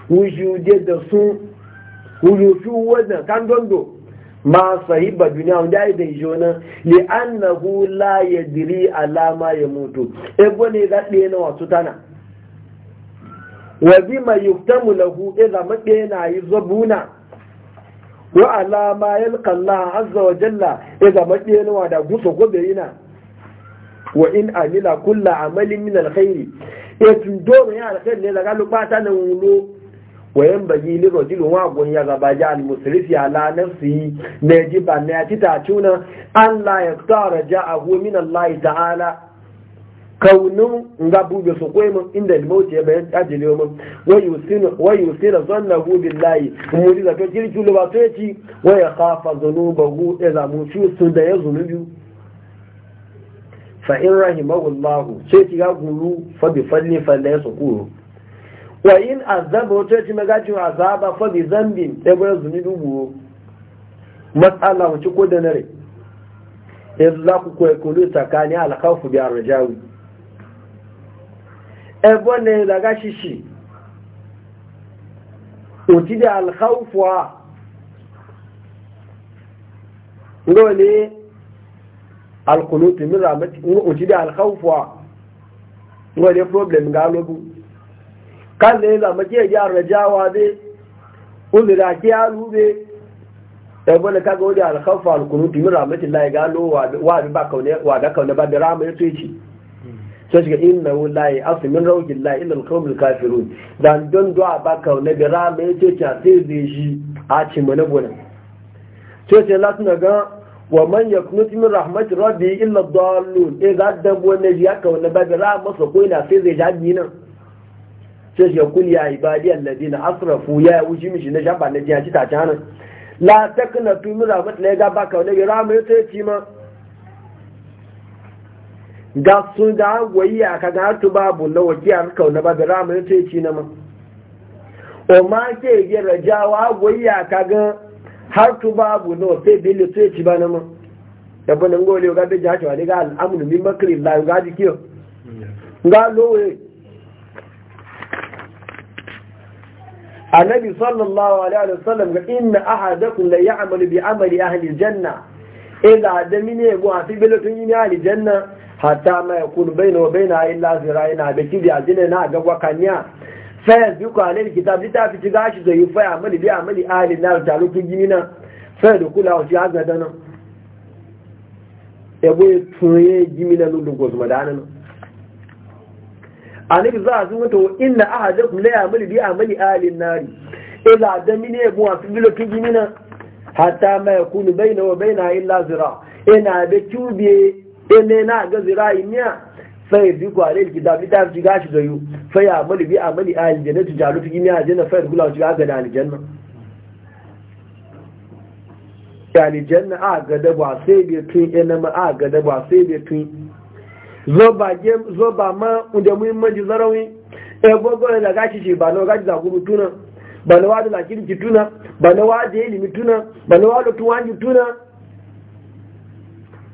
wujude da su wujudu wannan kan dondo ma sahiba duniya wanda ya da ijo na li annahu la yadri alama ya mutu Ego ne za ɗaya na wasu tana wa bima yuktamu lahu idza e maɗe na yi zabuna wa alama yalqa Allah azza wa jalla idza e na wa da gusa gobe yana wa in amila kulla amalin min alkhairi ya tundo ya alkhairi ne daga pata na wulo wa yan baji li rajulun wa gun ya ga baji al musrifi ala nafsi ne ji ba ne ati ta tuna an la yaktara hu min allah ta'ala kaunu nga bube su mun inda ba ya bayan ajiyar mun wa yusina zanna hu billahi mu ji zato kirki lubatoci wai ya kafa zunuba hu ya zamu fi sunda da ya zunubi fa in rahimahullahu sai ki ga guru fa bi fadli fa la yasquru wa in azaba wato ci magaji azaba fa bi zambin da bar zuni dubu matsala wace ko da nare yanzu za ku koyi kulu tsakani alkhawfu bi arjawi ebo ne daga shishi uti da alkhawfu wa ngole alkunutu min ramati in uci da alkhawfuwa wani problem ga lobu kan da la zama ke ji arrajawa be da ke alu be da bole ka go wani alkhawfa alkunutu min ramati lai ga lo wa wa ba kaune wa da kaune ba da rama ya tuci shi ga inna wallahi asu min rawjin la illa alqawmul kafirun dan don do ba kaune da rama ya tuci sai zai shi a cimma na bonan sai sai latin ga wa man yaknut min rahmat rabbi illa dallun e ga dan bo ya ka wannan ba da rahmat so sai zai jabi nan sai ya kul ya ibadi alladina ya wuji mishi na jaba na jiya ci ta canan la ga ba ka ga sun babu na ka sai ci na ma o ma ke ge rajawa ka ga har tu babu no sai bele sai ci ba na ma da banan gole ga da jaci wani ga al'amru min makri la ga ji kiyo ga lowe annabi sallallahu alaihi wa sallam ga inna ahadakum la ya'malu bi amali ahli janna ila ne mine go ati bele tun yin ahli janna hatta ma yakunu bainahu wa bainaha illa zira'ina bi kidi ajina na ga wakanya fayar biyu kwanar kitab fi ci gashi zai yi faya mali biya mali ahalin na taro kun gini na fayar da kula wasu ya gada nan ebo ya tunye gimi na lullu ko zuma dana nan anabi za a sun wata wa inna ahadakum la ya'malu bi amali ahalin nari ila da mine ebo a bilo fi gini na hatta ma Bai na wa na illa zira ina da kyubi ina na ga zira miya sai bi ku alil kitab ta fi gashi da yu fa ya amali bi amali ahli jannati jalu fi gimi aljanna fa yadkhulu ga da aljanna yani janna a ga da ba sai bi tun ina ma a ga da ba sai bi tun zoba zo ba ma unde muhimmanci zarawi e gogo da gashi shi ba no gashi za guru tuna ba no wadu da kirki tuna ba na wadu ilimi tuna ba na wadu tuwanji tuna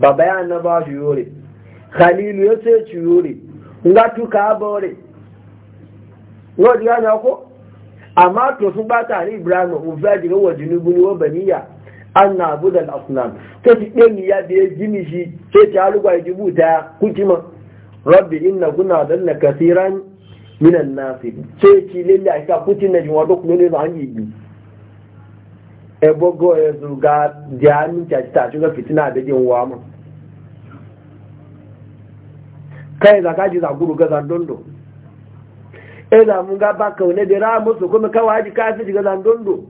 baba ya na ba shi yore khalilu ya sai su yore nga tuka bore ngo diga na ko amma to sun ba ta ni ibrahim ko fa diga wa junubu ni wa baniya an na abu da asnam ta ci ɗin ya biye jini shi ce ta alugwa ya jibu ta kutima rabbi inna kuna dalla kasiran minan nasi ce ci lilla a ka kutin na jiwa duk ne ba an yi bi ebogo ya zuga jami'in ta a ta shiga fitina da jin wa mu kai za ka ji za guru ga zandondo eh da mun ga ba kaune da ra musu kuma kawai ji ka ji ga zandondo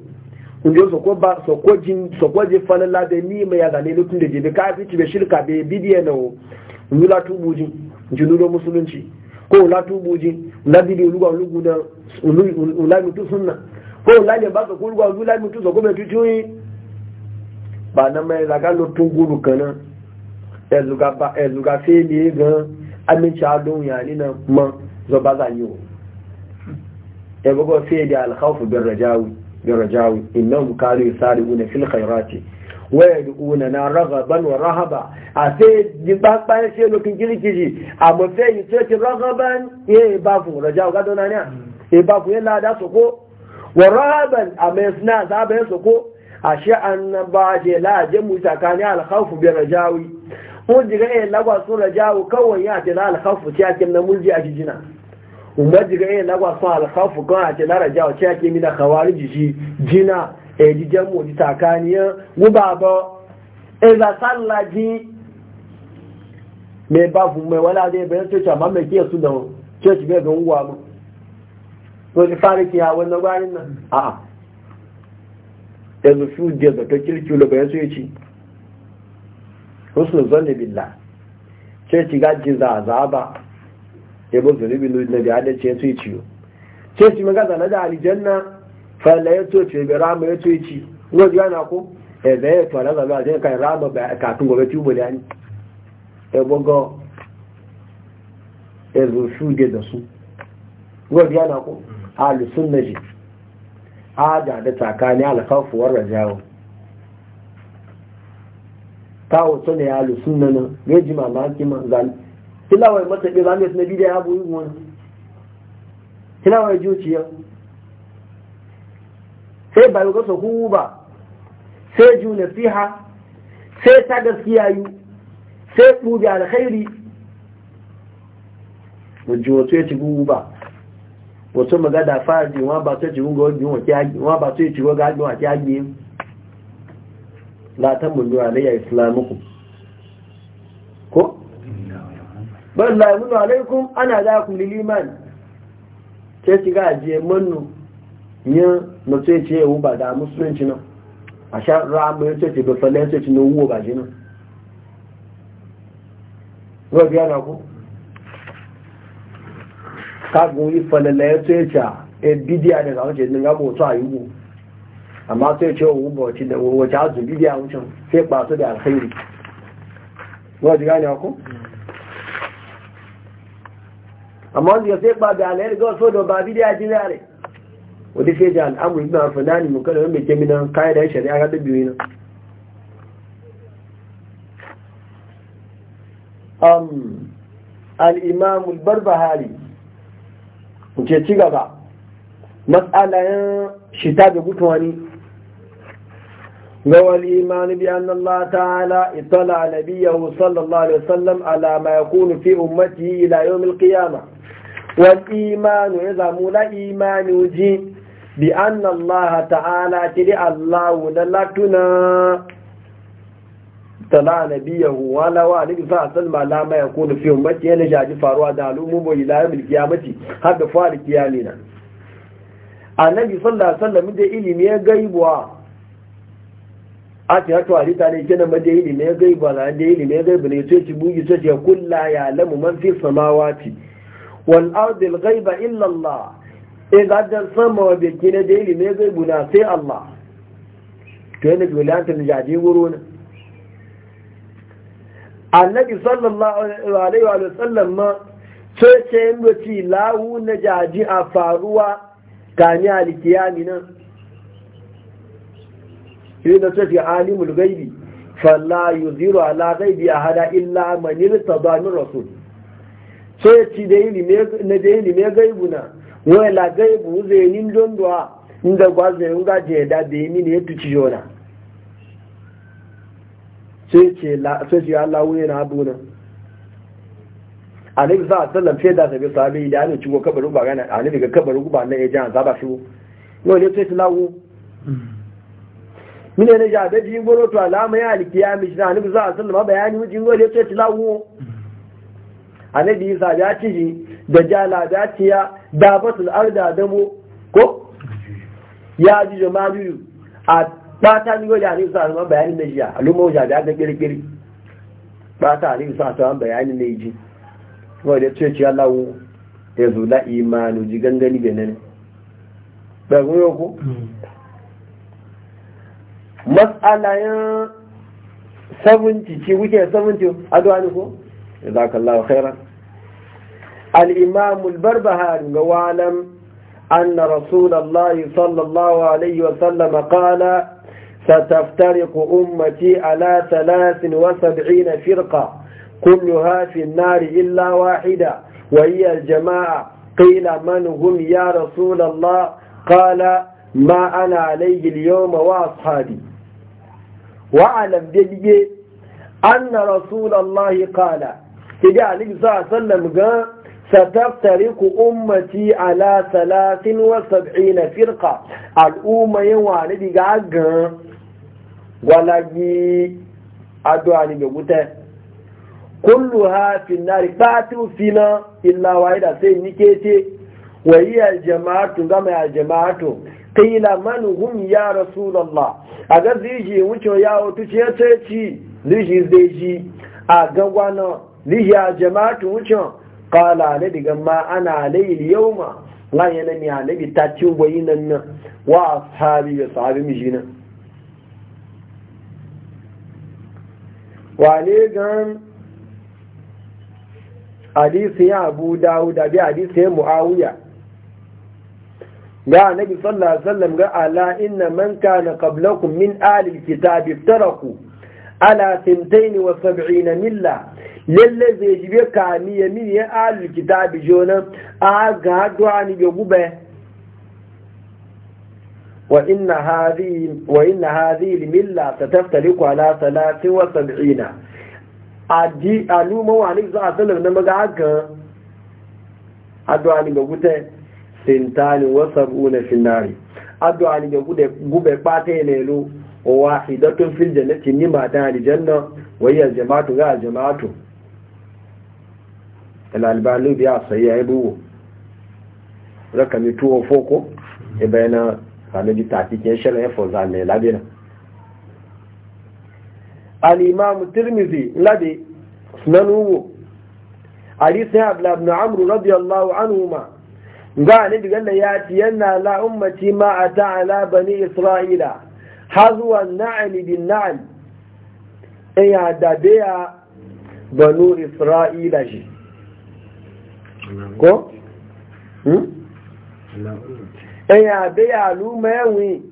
kunjo soko ba soko jin soko je falala da ni mai ya zane lutun da jibi ka fi cibe shirka be bidiye na o nula tubuji jinudo musulunci ko la tubuji la bidi uluwa ulugu da ula mutu sunna ko la ba soko uluwa ula mutu soko be tutuyi ba na mai zaga lutun guru kana ezuga ba ezuga fe ni e gan amince a adon yani na ma zo ba za yi ya bugo fiye da alkhawfu bin rajawi bin rajawi innahum sari yusari'una fil khairati waya wa yad'una na raghaban wa rahaba a sai yi ba ba sai lokin kirkiri a mu sai yi sai raghaban ye ba fu rajawi gado na niya ya ba ya lada su ko wa rahaban a mai suna za ba soko ashe annabaje la je mu tsakani alkhawfu bin rajawi ko jiga eh lagwa so la jawo kawai ya ce la al khawfu ake na mulji a jijina umma jiga eh lagwa so al khawfu kan ake la rajawo ci ake mina jina eh mu ji takaniya gubabo eh za sallaji me ba fun me wala dai bayan to ta mamme ke su da church be ga uwa to wannan nan a'a yanzu su je da ta kirki bayan su ya husnul zanni billah ce ci gaji za za ba ya bu bi na biya da ce su ciyo ce ci gaza na da aljanna fa la yato ce bi rama yato ci ngo ji ana ko e da ya to la zaba je kan rama ba ka tun gobe tubo da ni e bogo e zo su ge da su ngo ji ana ko ahli sunna ji ada da takani al khawf war rajawa kawo to ne ya lusun nan ne ji mamaki ma zan tilawai mata ke zan yi da ya abu yi wani tilawai juciya sai ba yi gasa huwu ba sai ju nasiha sai ta gaskiya yi sai ɗubi alkhairi wajen wato ya ci huwu ba wato magada fara jiwa ba ta ci hunga wajen wa ba ta ci hunga wajen wa ki agiye la ta mulu alayya islamukum ko bal la yamunu alaykum ana da ku lil iman ce shiga ajiye mannu nya no ce ce u ba da musulunci na a sha ramu ya ce ce ba falle ce ce no wo ba jina wa biya na ku ka gun yi falle ya ce ce e bidiya da ga wace din ga bo to amma sai ce wa wuba wace da wace azubi biya wucin sai basu da alkhairi wa ji gane ku amma wanda sai ba da alkhairi ga wasu da ba biya ji zare wadda sai da al'amuri ba nani mun kada wanda ke minan kai da shari'a ga dubi wina um al-imam barbahari ce ci gaba matsalayen shita da ne gawal imani bi an ta ala itala alabi yahu sallallahu alaihi wasallam ala ma ya kunu fi umarci milkiyama wani imani ya zamu na imani uji bi an Allah ta ala kiri Allah wuna latuna tala alabi yahu wala wa alaikun sa asal ma la ma ya kunu fi umarci yana faruwa da alumomo ila yau milkiyamaci hada fuwa alikiyamina a nabi sallallahu alaihi da ilimi ya gaibuwa a ce hatu rita ne kina mada yi ne gai ba na da yi ne gai ba ne sai ci bugi sai ya kulla ya lamu man fi samawati wal ardi al ghaiba illa Allah e ga dan sama wa biki kina da yi ne gai buna sai Allah to yana jolanta ne jaje wuro ne annabi sallallahu alaihi wa sallam ma sai ce yin ci lahu na jaji a faruwa kani alkiyami nan sai da tafi alimul gaibi falla yuziru ala gaibi ahada illa man irtada min rasul sai ci da ilimi na da ilimi gaibu na wai la gaibu zai nin dondoa inda gwazo yau ga je da be mi ne tuci jona sai ce la sai ci Allah wuya na abuna alaihi sallam sai da sabi sabi da ne ciwo kabarin ba gana alaihi ga kabaru ba na ya jan shi ne sai lawo hmm. mine ne ja da jin goro to alama ya alkiyami shi na za a sallama bayani wujin gole ce tilawo annabi isa ya ji da jala da tiya da batul arda da mu ko ya ji jama'a a bata ni gole annabi isa sallama bayani ne jiya alumma ja da ga kirkiri bata annabi isa sallama bayani ne ji gole ce ci Allah ya zula imanu ji gangani da ba ko matsalayen sabunci ce wuke sabunci a duwani ko? za ka lawa khairar al’imamul barbahar ga walan an na rasulallah sallallahu alaihi wasallam kala ستفترق ku ummati ala talatin wasa da'ina firka kullu hafin nari illa wahida wa iya jama'a ƙila manuhum ya rasulallah kala ma ana alayhi yau mawa ashabi wa'alam bilge anna rasulallahi kala kidi alibi sallam ga ku ummati ala 73 firqa al'umma yawa wani diga ga walagi adwa ni gute kulluha fi nari batu fina illa wahida sai nike ce wa hiya jama'atu gama ya jama'atu qila man hum ya rasulullah aga ziji wucho ya otu ce ce ci ziji ziji a gagwana ziji a jama'atu wucho qala ne diga ma ana alayhi yawma la yana ni bi ta ci wayinan nan wa ashabi da sahabi mijina wa gan hadisi ya abu dawud da bi hadisi ya muawiya ga annabi sallallahu alaihi wasallam ga ala inna man kana qablakum min ahli alkitab iftaraku ala 72 milla lalle zai jibe kami ya min ya ahli alkitab jona a ga du'a ga gube wa inna hadhihi wa inna hadhihi almilla tataftaliku ala 73 adi alu mawani ni sallallahu alaihi wasallam na maga ga adwani ni ga gute sintani wa sab'una fi nari addu'a gube gube pata lelo wa wahidatun fil jannati ni ma ta aljanna wa hiya jama'atu ga jama'atu al albani bi asayya ibu rakami tuwo foko e bayana kana ji tafi ke shala fo zame labina al imam tirmidhi labi sunanu ali sa'd ibn amr radiyallahu ma. ga ne daga da ya ci yana la ummati ma ata ala bani isra'ila hazuwa na'al bin na'al in e ya dabe ya banu isra'ila shi ko? in hmm? e ya be ya luma yawin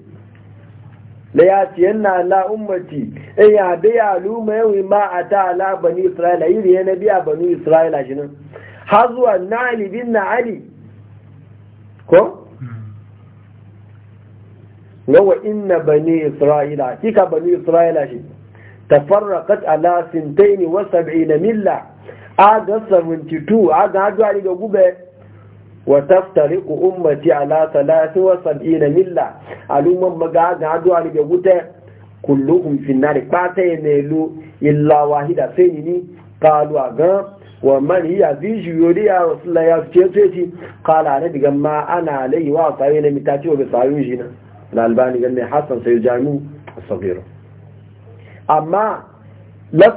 da ya ci yana la ummati in e ya be ya luma yawin ma ata ala bani isra'ila yi da ya na biya banu isra'ila shi nan hazuwa na'al bin na'ali ko yawa hmm. inna bani isra'ila kika bani isra'ila shi tafarraqat ala sintaini wa sab'ina milla ada 72 ada adwa daga gube wa taftariqu ummati ala sab'ina milla aluman maga ga adwa daga gute kulluhum fi nar qata yanalu illa wahida sayni qalu aga wa man hiya bi juyuri ya rasulullah ya ce ce ci na digan ma ana alayhi wa sawi na mitati wa bi a jina na albani ganin Hassan sai jami'u a saghira amma na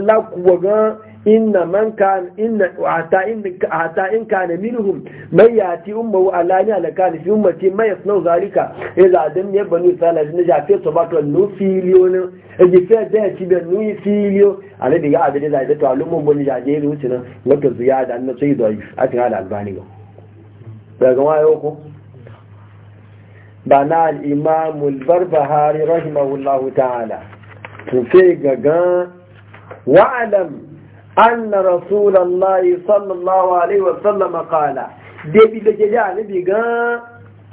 na kuwa inna man kan inna ata in ata in kana minhum man yati ummu alani ala kan fi ummati man yasnau zalika ila dan ne banu sala ne ja fe to bato no filio ne e ji fe de ti be no filio ale diga abede da to alumun boni ja je ru tinan wato ziyada na sai da atin ala albani ga daga wayo ko bana al-imam al-barbahari rahimahullahu ta'ala to fe gaga wa'alam أن رسول الله صلى الله عليه وسلم قال دبي لجلي أنا بيجا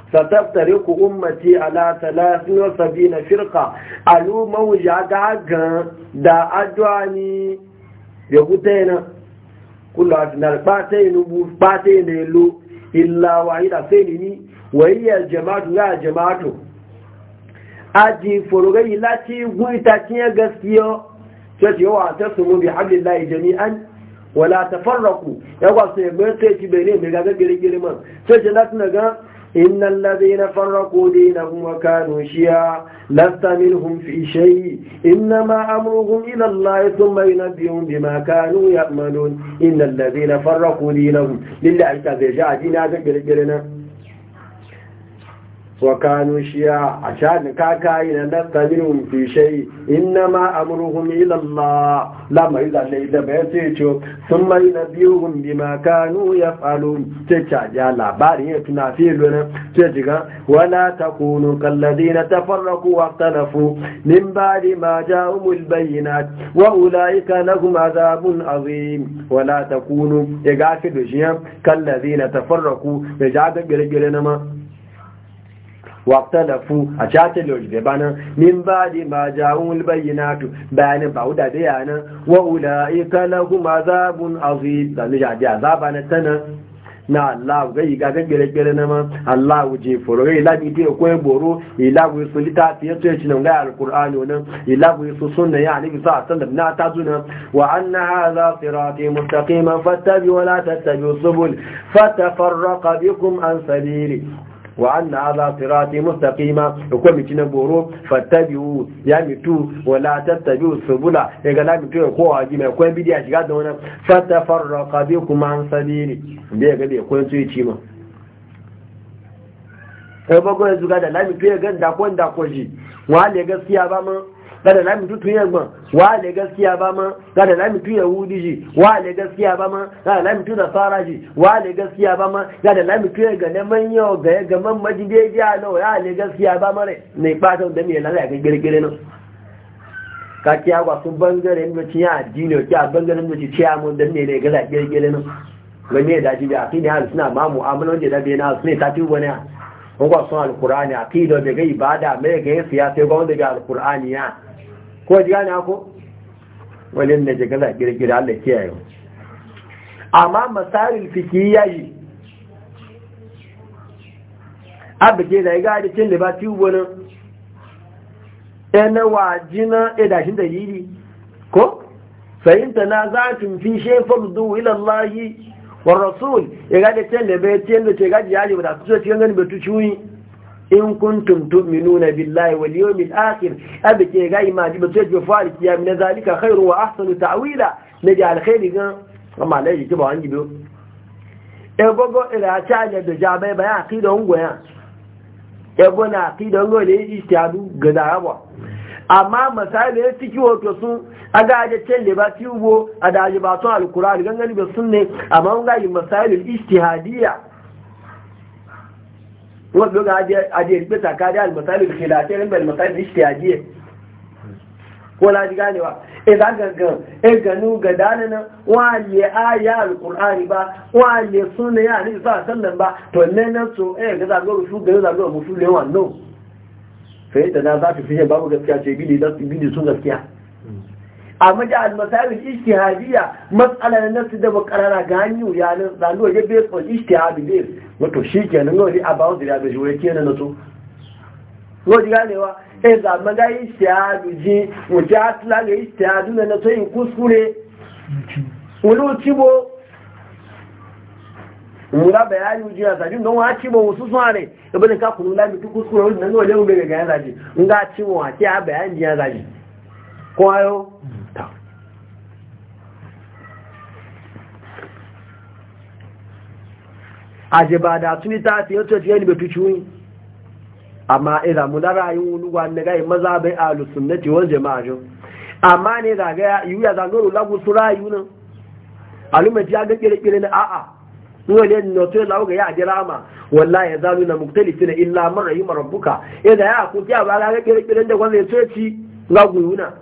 ستفترق أمتي على 73 فرقة ألو موجع دعا دا أدواني يقولون كل أفنار باتين باتين لو إلا واحدة سيني وهي الجماعة لا جماعة أجي فرغي لا غويتا تاكين غسيو sai yawa tasumu bi hablillahi jami'an wala tafarraqu ya kwa sai mai sai ci bai ne mai gaga gire man sai ce lati na ga innal ladina farraqu dinahum wa kanu shiya lasta minhum fi shay inma amruhum ila allahi thumma yunabbi'uhum bima kanu ya'malun innal ladina farraqu dinahum lillahi ta zai ja dina ga gire na to kanu shiya a shani kaka yi na nasta minun fi shai ma a murhun ilan ma lama yi zane ita ba ya ce ce sun na biyu hun kanu ya falo ce ca ya labari ya tuna fiye lura ce ci ga wana ta kunu ta farraku wa ta nafu nin ba di ma ja umul bayyana wa wula yi ka na kuma za bun azu yi wana ya gafi da shi ya kallazi na ta farraku da ja ga gire-gire waqtalafu a chatelori be banan min badi ma ja'ul bayyinatu bayanin ba huda da yanan wa ulaika lahum azabun azim dan ja ja azaban tana na Allah ga yi gagan gere gere na ma Allah uje foro ga ila bi te ko e boro ila bu su lita fi yato yin ga alqur'ani wannan ila bu su sunna ya ali sa san da na ta zuna wa anna hadha sirati mustaqima fattabi wa la tattabi subul fatafarraqa bikum an sabili wa anna hadha sirati mustaqima ko mi na goro fattabi'u ya mitu wala tattabi'u subula ya ga la mitu ko waji mai ko bidiya shiga da wannan fatafarraqa bikum an sabili ko ma bago zuga da ya ko da wa le gaskiya ba mu gada lami tutu yamma wa ne gaskiya ba ma gada lami ya yahudi ji wa ne gaskiya ba ma gada lami mutu da fara ji wa ne gaskiya ba ma gada lami ya ga neman yau ga ga man majide ya no ya ne gaskiya ba ma ne ba ta da me lalai ga girgire nan ka kiya ga su ya da ciya addini bangare bangaren mutu ya mu da ne ne ga la girgire no wani da ji da ne hal suna ma mu'amalan da da bai na sune ta tubo ne Ko ngwa sun alkur'ani aqida be ga ibada me ga yin siyasa ga wanda ga alkur'ani ya ko ji gane ko walin ne ji gaza girgira Allah kiyaye amma masarin yi. abike da ga da cin da ba ti wani ɗana wajina idashin e dalili ko fahimta na za tun fi shefar zuwa ilallahi wa rasul ya gade ce da bai ce da ce gaji yaji da su cikin ganin batu ciwi in kuntum tu'minuna billahi wal yawmil akhir abi ke ga imaji ba ce ba fari ya min zalika kairu wa asanu ta'wila ne da alkhairi ga amma lai ji ba an gido e gogo ila e ta ne da jabai bayan aqida ungoya e gona aqida ungoya ne istiyadu ga darawa amma misali ya fi kiwo to sun a ga aje da ba fi ubo a ba sun alkura alkur'ani gangan ba sun ne amma an ga yi misali ijtihadiyya wanda ga aje aje rike tsakani ke misali khilafiyya ne bal misali ijtihadiyya ko la ji ganewa e za ga ga e ganu ga danana ya aya alkur'ani ba wani wale sunna ya ni sa sannan ba to ne nan so e ga zagoro ga zagoro ga za ga wannan fahimta na za su fi babu gaskiya ce bi da sun gaskiya amma da al-masail ijtihadiyya matsala na nasu da bakarara ga hanyu ya nan zanuwa ya base on ijtihad base wato shikenan gori about da ga juwe kenan na to gori ganewa E, za maga ijtihad ji wuce atla ga ijtihad na na to in kuskure wani cibo nga bayani ujiya zaji don wa ci wasu suna ne ibn ka kun la mi tuku sura wannan ne wajen ga ga zaji nga ci wa ci a bayani ya zaji ko ayo ta aje ba da tuni ta betu ciwi amma idan mu da rayuwar ne ga maza bai ahlus sunnati wal jama'a jo amma ne da ga lagu alumma ga kire kire na a'a wani noto ya lawo ga ya dirama wallahi ya zalu na muktalifi illa man rahim rabbuka idan ya ku ya ba ga kire da wanda ya so ga guyuna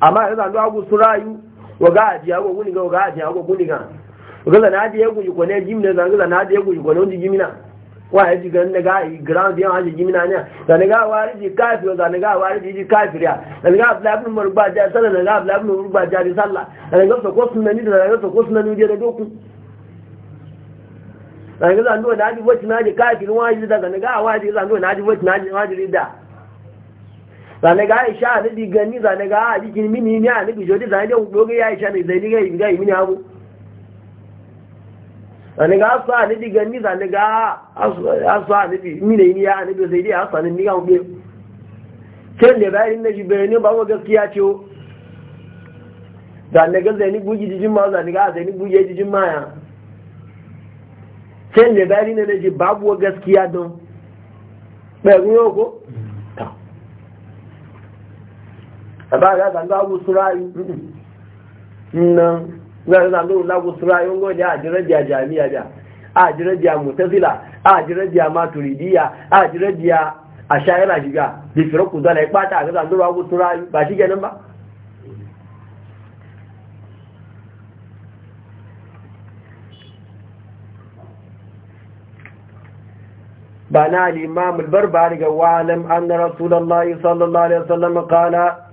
amma ya zalu agu surayu wa ga ajiya go guni ga ga ajiya go guni ga ga na ajiya go yi ko ne jimne zan ga na ajiya go yi ko ne jimina wa ya ji ganin daga yi ground yawan hajji jimina ne da daga wari ji kafir da daga wari ji kafiriya da daga abdullahi ibn marba ja sallah da daga abdullahi ibn marba ja ri sallah da daga sako sunani da daga sako sunani da doku da daga zando da haji wacce na ji kafirin waji da ga daga waji zando na ji wacce na ji waji da zane ga aisha ne di gani zane ga a jikin mini ne a nufi jodi zane da hukuri ya aisha ne zai diga yi mini abu ani ga sa ni diga ni za ni ga asa ni bi mi ne ni ya ni bi sai dai asa ni ni ga ube ken da bayin na ba wa gaskiya ce da ne ga zai ni buji jijin ma za ni ga zai ni buji jijin ma ya ken da na ji babu wa gaskiya don bai ruwa ko ta ba ga ga surai nan zai zanzu ula ku turayen goji a jirajiya jami'a da a jirajiya mutazila a jirajiya maturidiya a jirajiya a shayara shiga da firar ku zala ya kwata a zanzu ula ku turayen ba shi ba ba na limamul barbari ga walam an na rasulallah sallallahu alaihi wa sallam kala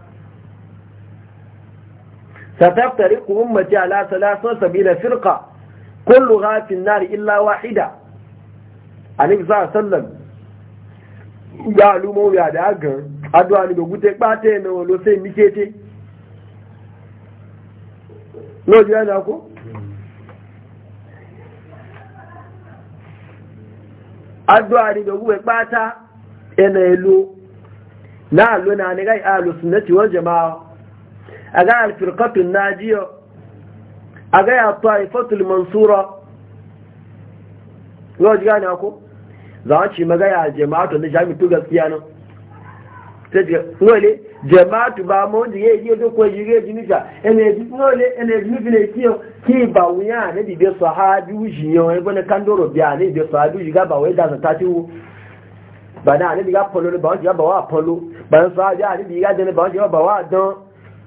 ستفترق أمتي على ثلاث سبيل فرقة كلها في النار إلا واحدة عليه الصلاة والسلام قالوا مو يا داغر addu'a ni gogu te no lo se mi kete lo je na ko addu'a ni gogu e pata ene lo na lo na ni ga alu sunnati jamaa a ga alfirkatun najiya a ga ya taifatul mansura yau ji gane ako za a ce magaya jama'atu da jami'tu gaskiya nan lóòlé jẹ̀máàtù bá mọ́ oúnjẹ na yẹ́ tó kọ ìrírí ìjìníṣà ẹnẹ̀ẹ̀dínlẹ̀ kí ìbàwòyàn àníbìbẹ̀ sọ̀háájú yìnyàn ẹgbẹ́ni kándọ̀rọ̀ bí àníbìbẹ̀ sọ̀háájú yìgábàwẹ́ dáadáa tí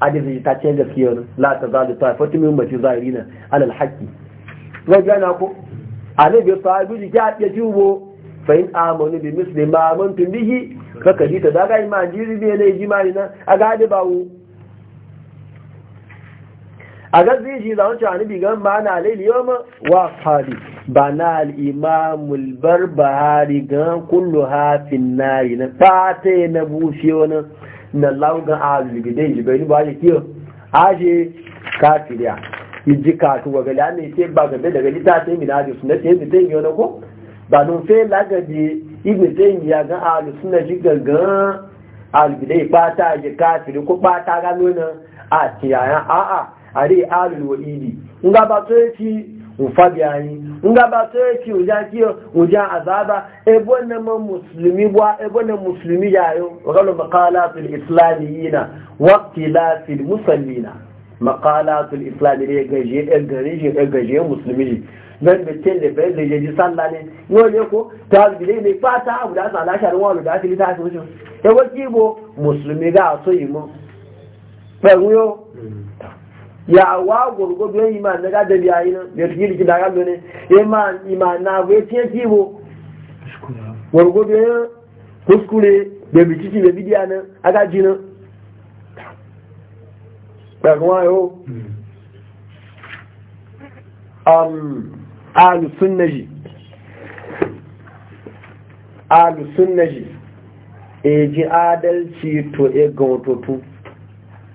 hadisi ta ce gaskiya la ta zalu ta fatu min ummati zahirina ala alhaqi wai gana ko alai bi sahibi ji ya ya jubo fa in amanu bi misli ma amantu bihi kaka ji ta daga iman jiri bi ne jimani na aga da bawo aga zai ji da wancan bi gan ma na alai ma. wa sahabi ba na al'imam barbahari gan kullu hafin nari na fata na bushe wani na laugan ahalul bidai jibani ba ya kiyo aje kafiriya iji katu wa gali ne ce ba gabe daga littafin suna ta sai zai yi wani ko ba don sai lagabi ibi tan ya ga ahalul suna ji gangan ahalul bidai ba ta aje kafiri ko ba ta ga nuna a a'a a a are wa wa'idi in ga ba so ci ufabiyayi nga ba uja uja azaba ebo na bwa ebo yayo ne yau ne ko ta bile ne fata abu da sana shi wani da ta e bo ga so yi ya wa gurgudu iman na gada biya yi nan da yi riki da gado ne iman iman na bai tiye kibo gurgudu ya kuskure da bi bikiki da bidiya na a gaji nan ba kuma yau hmm. alusun naji alusun naji e ji adalci to e ga watotu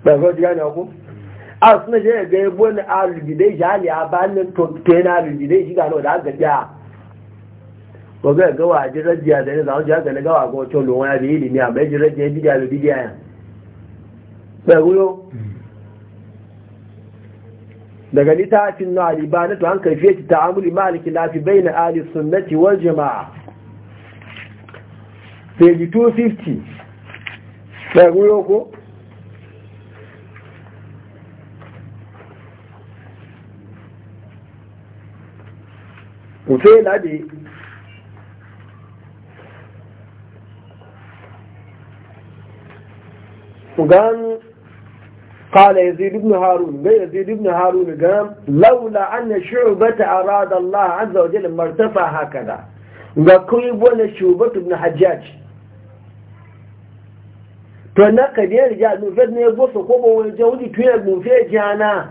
ba ga ji gane ku a suna shi ga yabo na rigidai shi hali a bayan tokke na alugidai shi gano da aka Ko zai ga gawa a jirar jiya da ne zama jiya ga na gawa ga wacce lowa wani abin ilimi a bai jirar jiya bidiya da bidiya ya bai guyo daga littafin na alibanatu an karfe ta ta'amuli maliki lafi bai na ali sunnati wal jama'a page 250 bai guyo ko òfé láde gan قال يزيد بن هارون يزيد بن هارون قام لولا أن شعبة أراد الله عز وجل ما ارتفع هكذا وكيف ولا شعبة بن حجاج فنقد يرجع من فدنا يبوس وقوم ويجاوز تويا من فيا جانا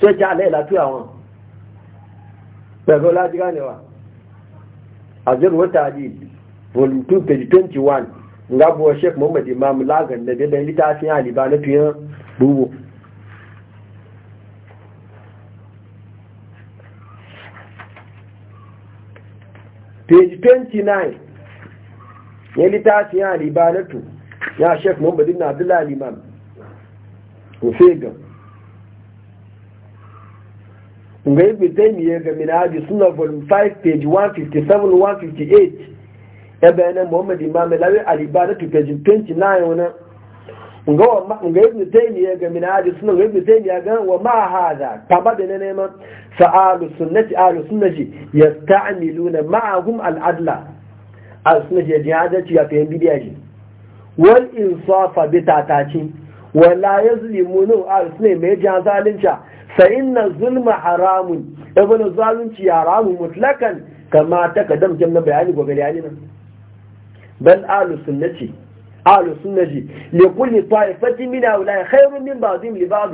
تجعل إلى تويا وان daga laji ganewa a zirwa tari volume 2 page 21 nga buwa sheik muhammad imam lagan na bidan littafin aliba na tuyan dubu page 29 ya littafin aliba na tu ya sheik muhammad ibn abdullahi imam ofegan Nga yi ibn miye ga minhaji suna volume 5 page 157 158 ebe na muhammadu imam lawi al-ibadatu page 29 wani nga wa nga ibn taymiya ga minhaji sunna ga ibn miye ga wa ma hada kaba da neman fa ahlu sunnati ahlu sunnati yasta'miluna ma'ahum al-adla al-sunnati ci ya fayin ji wal insafa bi tatacin wala yazlimuna al-sunnati mai jazalinta فإن الظلم حرام ابن الظالم حرام مطلقا كما تقدم جنب بيان وغيراننا بل آل السنة آل السنة لكل طائفة من أولا خير من بعضهم لبعض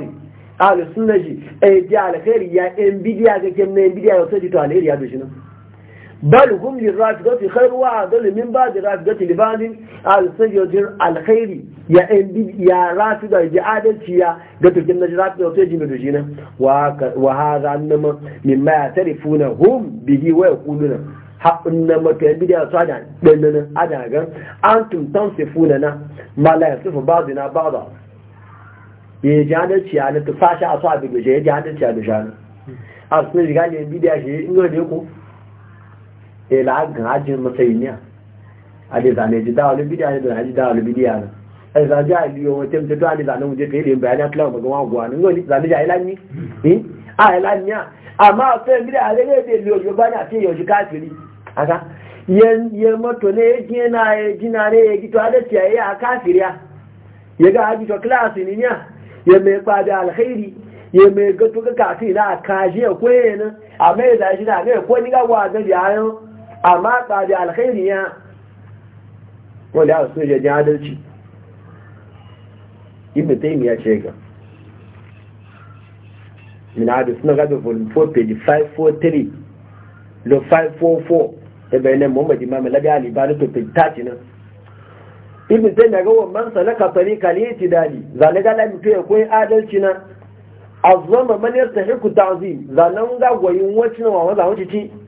آل السنة أي جعل خير يا انبيديا كم انبيديا وسجدوا عليه يا بشنا بل هم للراجقة خير وعدل من بعد راجقة لبعض السجر الخير يا اندي يا راشد دي عادل يا قد الجنة جرات وتجي مدجينا وهذا انما مما يعترفون هم به ويقولون حق انما كبدي صادا دننا اداغا انتم تنصفوننا ما لا يصف بعضنا بعضا يا جادل يا لتفاشا اصحاب بجي يجادل يا بجان أصلا قال لي بدي أشيء إنه ليكو ila gan ajin masayiniya a da zane ji dawa lubidiya ne da na ji dawa lubidiya ne a da zane ja iliyo wata mutu to a da zane wuje ka iliyin bayanin kila ba gama guwa ne ngoni zane ja ilani a ilani amma a fayin bida a zane da iliyo na bani a ce kafiri aka ya ne ji na ya ji na ne ji to a da a kafiriya ya ga haji to ni ne ya ya mai kwabi alkhairi ya mai gato ga kafin na a kaji ya kwaye nan da na a mai kwani ga wa zane ya yau amma ba da alkhairi ya wanda aka so ya adalci ibn taymiya ce ga mina da suna gaba volume 4 page 543 lo 544 da bayanan muhammad imam labi ali ba da page 30 nan ibn taymiya ga wannan salaka tariqa li itidali zalaga la mutu ya koyi adalci na azama man yastahiqu ta'zim zanan ga goyin wacin wa wanda wuce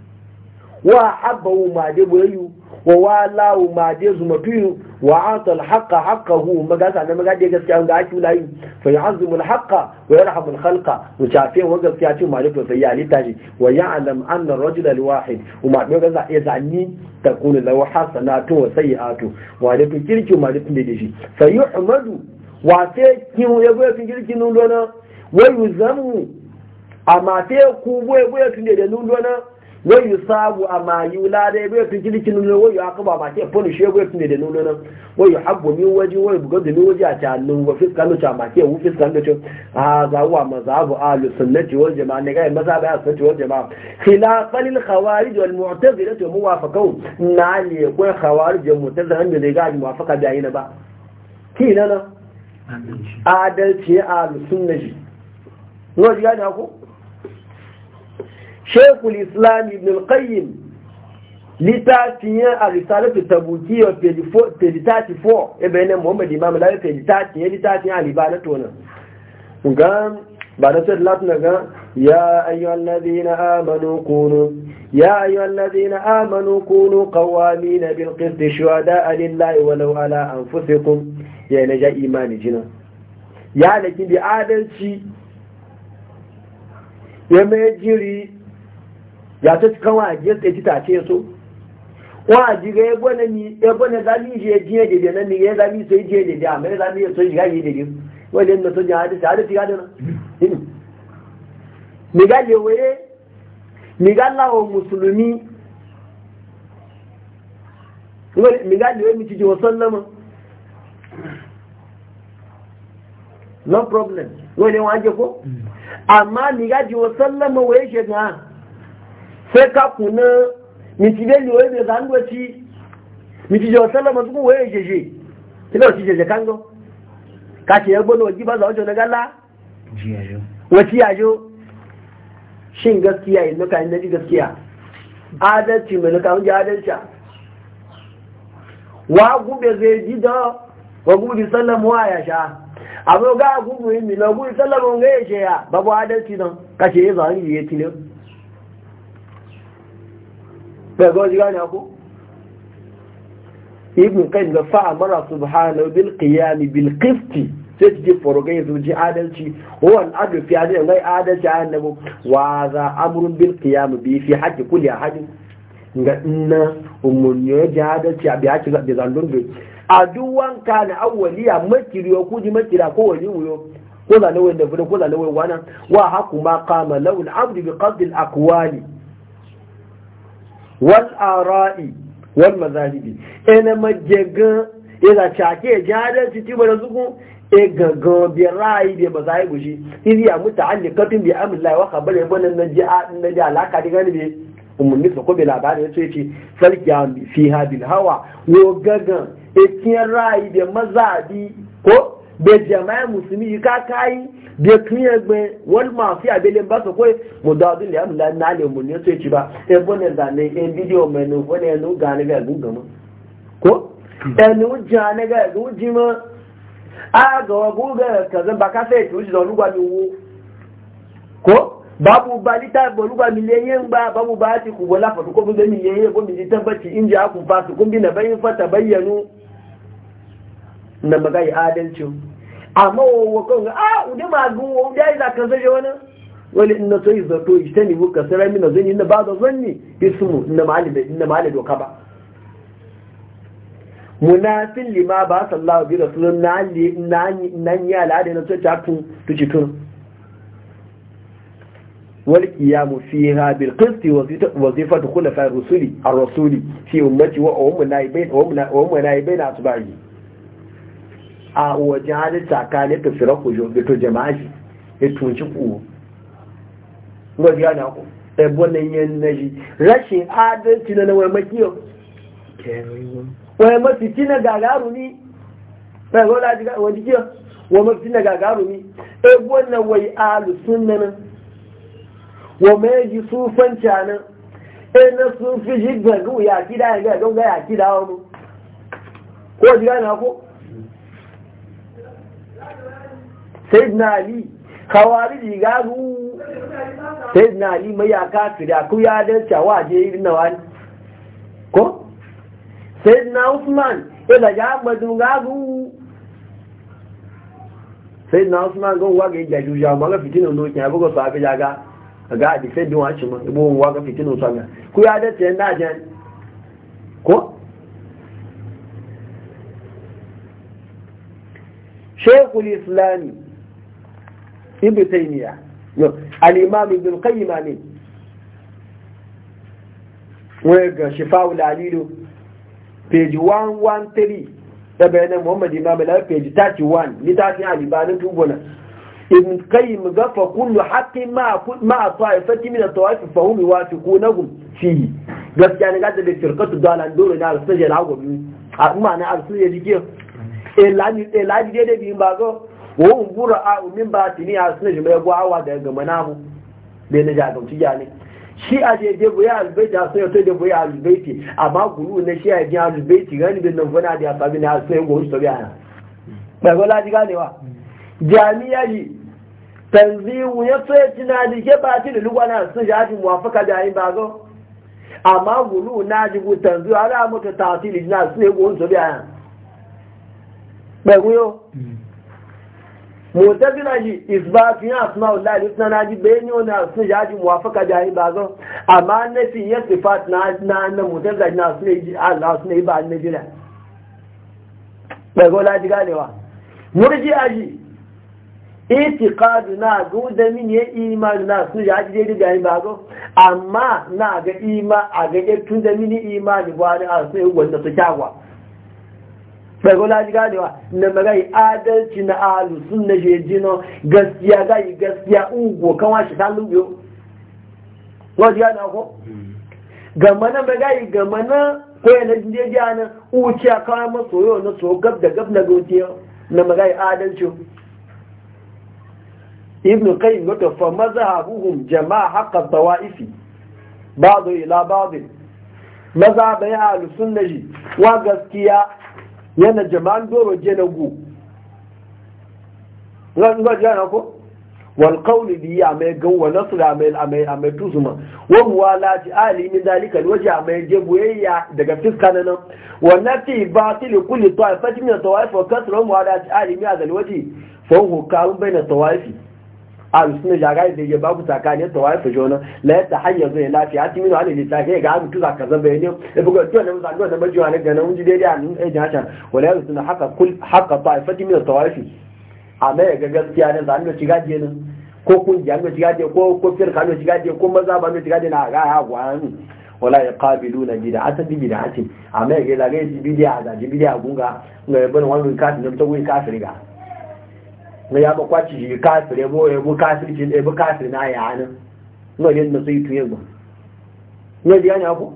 wa abawu ma de boyu wa walawu ma de zumatuyu wa ata alhaqa haqqahu magasa na magade gaskiya ga aki layi fa ya'zimu alhaqa wa yarhamu alkhalqa mutafi wa gaskiya ci ma de to sai ya lita taji wa ya'lam anna ar-rajula alwahid umma de gaza ya zani kunu lahu hasanatu wa sayi'atu wa de to kirki ma de tunde shi fa yuhmadu wa sai kin ya go kirki nun dona wa yuzamu amma sai ku boye boye tunde da nun dona wai yi sabu a mayu ya bai fi kilikin nuna wai yi haka ba ma ke fulu shi bai fi ne da nuna nan wai yi haɓu min waje wai bugar da min waje a canin wa fiskan nuce a ma ke wu fiskan nuce a zawuwa mazabu a na ciwon jama'a ne gaya maza bai asunnati ciwon jama'a da khawarij wal mu'tazila to muwafaqau na ne kun khawarij wal mu'tazila hanyar da zai ga muwafaqa da yi na ba ki na na adalci a lusunnati Ngo ji gani haku? shekul islam ibn al-qayyim litafiyan a risalatu wa page 34 e ne muhammadu imam lafi page 30 litafiyan a libanatu wannan gan ba da sai latin ga ya ayyuhan ladina amanu kunu ya ayyuhan ladina amanu kunu qawamin bil qist shuhada lillahi law ala anfusikum ya ne ja imani jina ya laki bi adalci ya mai jiri ya ta cikin wajiyar ta ci ta ce so waji ga ebo na ni ebo na zami je je de de na ni ya zami so je de de amma zami so je ga je de de wale na so ja da da tiga da na ni ga je we ni ga la o musulmi wale mi ga le mi ci wasan lama? no problem wale waje ko amma ni ga ji je sallama we je ga sai ka kuna mitide liwe be zandwa ci mitije wasala matuku we jeje kila ci jeje kango ka ci yabo no giba za ojo na wati yajo shin gaskiya yin ka yin gaskiya adalci mai nuka hunji adalci wa gube zai ji da wa gube sallama wa ya sha abu ga gube yi mi na gube sallama ga ya ce ya babu adalci nan kashe ya zahari ya tilin da zuwa ji gane ku ibn qayyim da fa'a amara subhanahu bil qiyami bil qisti sai ji forogai su ji adalci wani al adl fi adil ngai adalci a annabi wa za amrun bil qiyam bi fi haqqi kulli ahadin ga inna umunyo ji adalci abi haki da zandun bi aduwan kana awwaliya makiriyo kuji makira ko wali wuyo ko zalawai da fudu ko zalawai wana wa ma qama lawul abdu bi qadri al aqwali wal ara'i wal mazahibi ene majaga ila chake jada titi bana zuku e gaga bi ra'ayi bi mazahibu shi iri ya muta'alliqatun bi amrillah wa khabari bana naji naji alaka diga ne bi umarni ko bai labarin ya ce salki sarki fi hadil hawa wo gagan e kin ra'ayi da mazabi ko bai jama'a musulmi yi ka kayi bai tun yagbe wani masu abele ba su ko mu da wadun da ya mula na le mu ne so ci ba e bone zane e bidiyo mai nufo ne nu gane ga gun gama e ko e nu ne ga e gun jima a ga wa gun ga e kaza ba ka sai tuji da lugwa mi wo ko babu ba lita ba lugwa mi leyen ba babu ba ti ku bola fa ko bu da mi leyen ko mi litan ba ci inji aku fa su kun bi na bayin fa tabayyanu na magayi adalci amma wawa ga, a ah, ude magu wa ude ya zaka zaje wani wani ina so yi zato ita ne buka sarai mina zani ina ba da zanni ismu ina ma'alibe ina ma'alibe ka ba munafin lima ba sallahu bi rasulun na na ya al'ada na soce tun tuci tun wal qiyamu fiha bil qisti wazifatu khulafa ar rasuli ar rasuli fi ummati wa ummina ibn wa ummina a wajen halin tsakanin ta fira ku jirgin to jama'a shi ya tunci ku wajen yana ku ebo na yin na shi rashin adalci na wai makiyar wai mafi na gagaru ni wai wani kiyo wai mafi na gagaru ni ebo na wai alu sunna nan wa mai ji sufan nan ɗaya e, na sufi shi gagu ya kida ya gagu ya kida wani ko jiya na ku sayyidina ali khawariji ga ru sayyidina ali mai ya kafiri ku ya dan wa je irin na wani? ko sayyidina usman ila ya madu ga ru sayyidina usman gon waga ya juja ma ga fitinin dokin ya buga sahabi ya ga ga di sayyidin wa cin ibo waga fitinin sa ga ku ya dan cewa na jan ko shaykhul islami ibn taymiya yo al-imam ibn qayyim ne wai ga shifa'ul alil page 113 da bayanan muhammad imam al page 31 ni littafin alibanin tubuna ibn qayyim ga fa kullu haqqi ma ma ta'ifati min at-tawaif fa hum yuwafiqunhum fihi gaskiya ne gadda da firqatu dalan dole na al-sajal agwabi a kuma na al-sajal dike elani elani dede bi mbago wa hum bura'a min batini a suna jima ya gwawa daga namu da na jagauci ya ne shi a je je boye albaiti a sun yato je boye albaiti amma guru na shi a je albaiti gani bin nan fana da ya sami na sun yi gori sabi ana ɓarɓar ladi jami'a yi tanzihu ya so ya cina da ke ba da lugwa na sun jaji muwafaka amma gulu na jibu tanzihu ala mutu na yau mutazila shi isbatun ya asma wa lalai suna na ji bayani wani asun ya ji muwafaka jahi ba zan amma nafi ya sifat na na mutazila na suna yi Allah suna yi ba an na jira bai gola ji ganewa murji a ji itiqadu na ga da min ya imani na suna ya ji daidai jahi ba zan amma na ga ima a ga e tun da mini imani ba ni a suna yi wanda su kyagwa fagola ji ganewa na magai adalci na alu sun na jejino gaskiya gayi gaskiya ungo kanwa shi ta lubiyo wa ji ganewa ko gama na magai gama na koya na jeji ana uci a kawai yau na so gab da gab na gautiya na magai adalci ibn qayyim goto fa mazhabuhum jama'a haka haqqa tawaifi ba'd ila ba'd mazhabai ahlus sunnah wa gaskiya yana jama'an doro je na gu nga jana ko wal qawli bi ya mai gan wa nasr mai amai amai tuzuma wa huwa la ali min dalika alwaji amai je buya daga fiska nan wa nafi batil kulli ta'ifati min tawaif wa kasra wa la ali min waje fa huwa bai baina tawafi a suna jagari da ya babu tsakani ya tawaye fi jona la ya ta hanyar zai lafiya a timinu hannun lita ke ga abu tuza kazan bai ne ya buga tuwa na musa da na majiwa na ganin wunji daidai da nun ajin hashan wala ya suna haka kul haka ta haifa timinu tawaye fi a mai ga gaskiya ne zanen shiga jenin ko kun kungiya ne shiga je ko ko firka ne shiga je ko maza ba ne shiga je na ga ya gwanu wala ya kabilu na bida a tabi bida a ce a mai ga lagayi bidiya a zaji bidiya gunga ga yabon wani kafin da ta wuyi kafin riga na ya kwaci shi kafir yabo yabo kafir ci yabo kafir na ya hannun na yin da sai tuye ba ne biya ne ku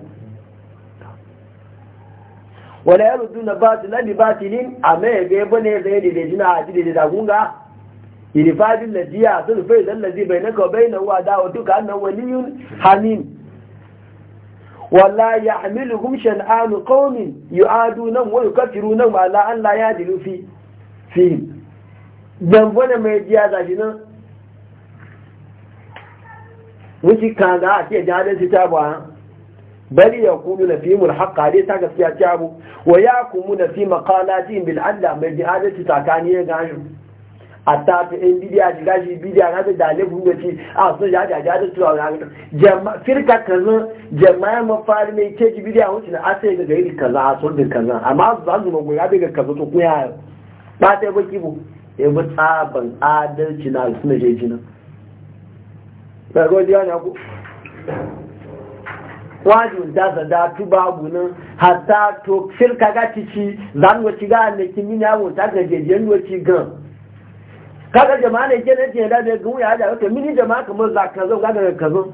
wala ya rudu na bati la bi batilin amma ya ga yabo ne zai da jina a ji da gunga irifadin jiya sun fai dan lazi bai naka bai na wa da wato ka annan waliyun hamim wala yahmiluhum shan'anu qaumin yu'aduna wa nan ma la an la yadilu fi fi zambo na mai jiya ga shi nan wuce kan za a ce jihadin su ta buwa bari ya kudu na fi haƙa dai ta gaskiya ta bu wa ya kumu na fi ji bil adda mai jihadin su tsakani ya gani a fi in bidiya shi gashi bidiya na da dalibin da ci a sun ya ga jadon su a wani firka kazan jama'a mafari mai keji bidiya wuce na asa ga gairi kaza a sun da kaza amma za su ya bai ga kaza to kuya ba ta yi baki bu ya bi tsaban adalci na alfina jejina ɗarodi yana ku wajen dasa da tu babu nan hata to firka ga cici zanwaci ga annaki mini yawon ta ga jejen waci gan kaga jama'a ne ke nake da da gun ya da wata mini jama'a kamar za ka zo ga ka zo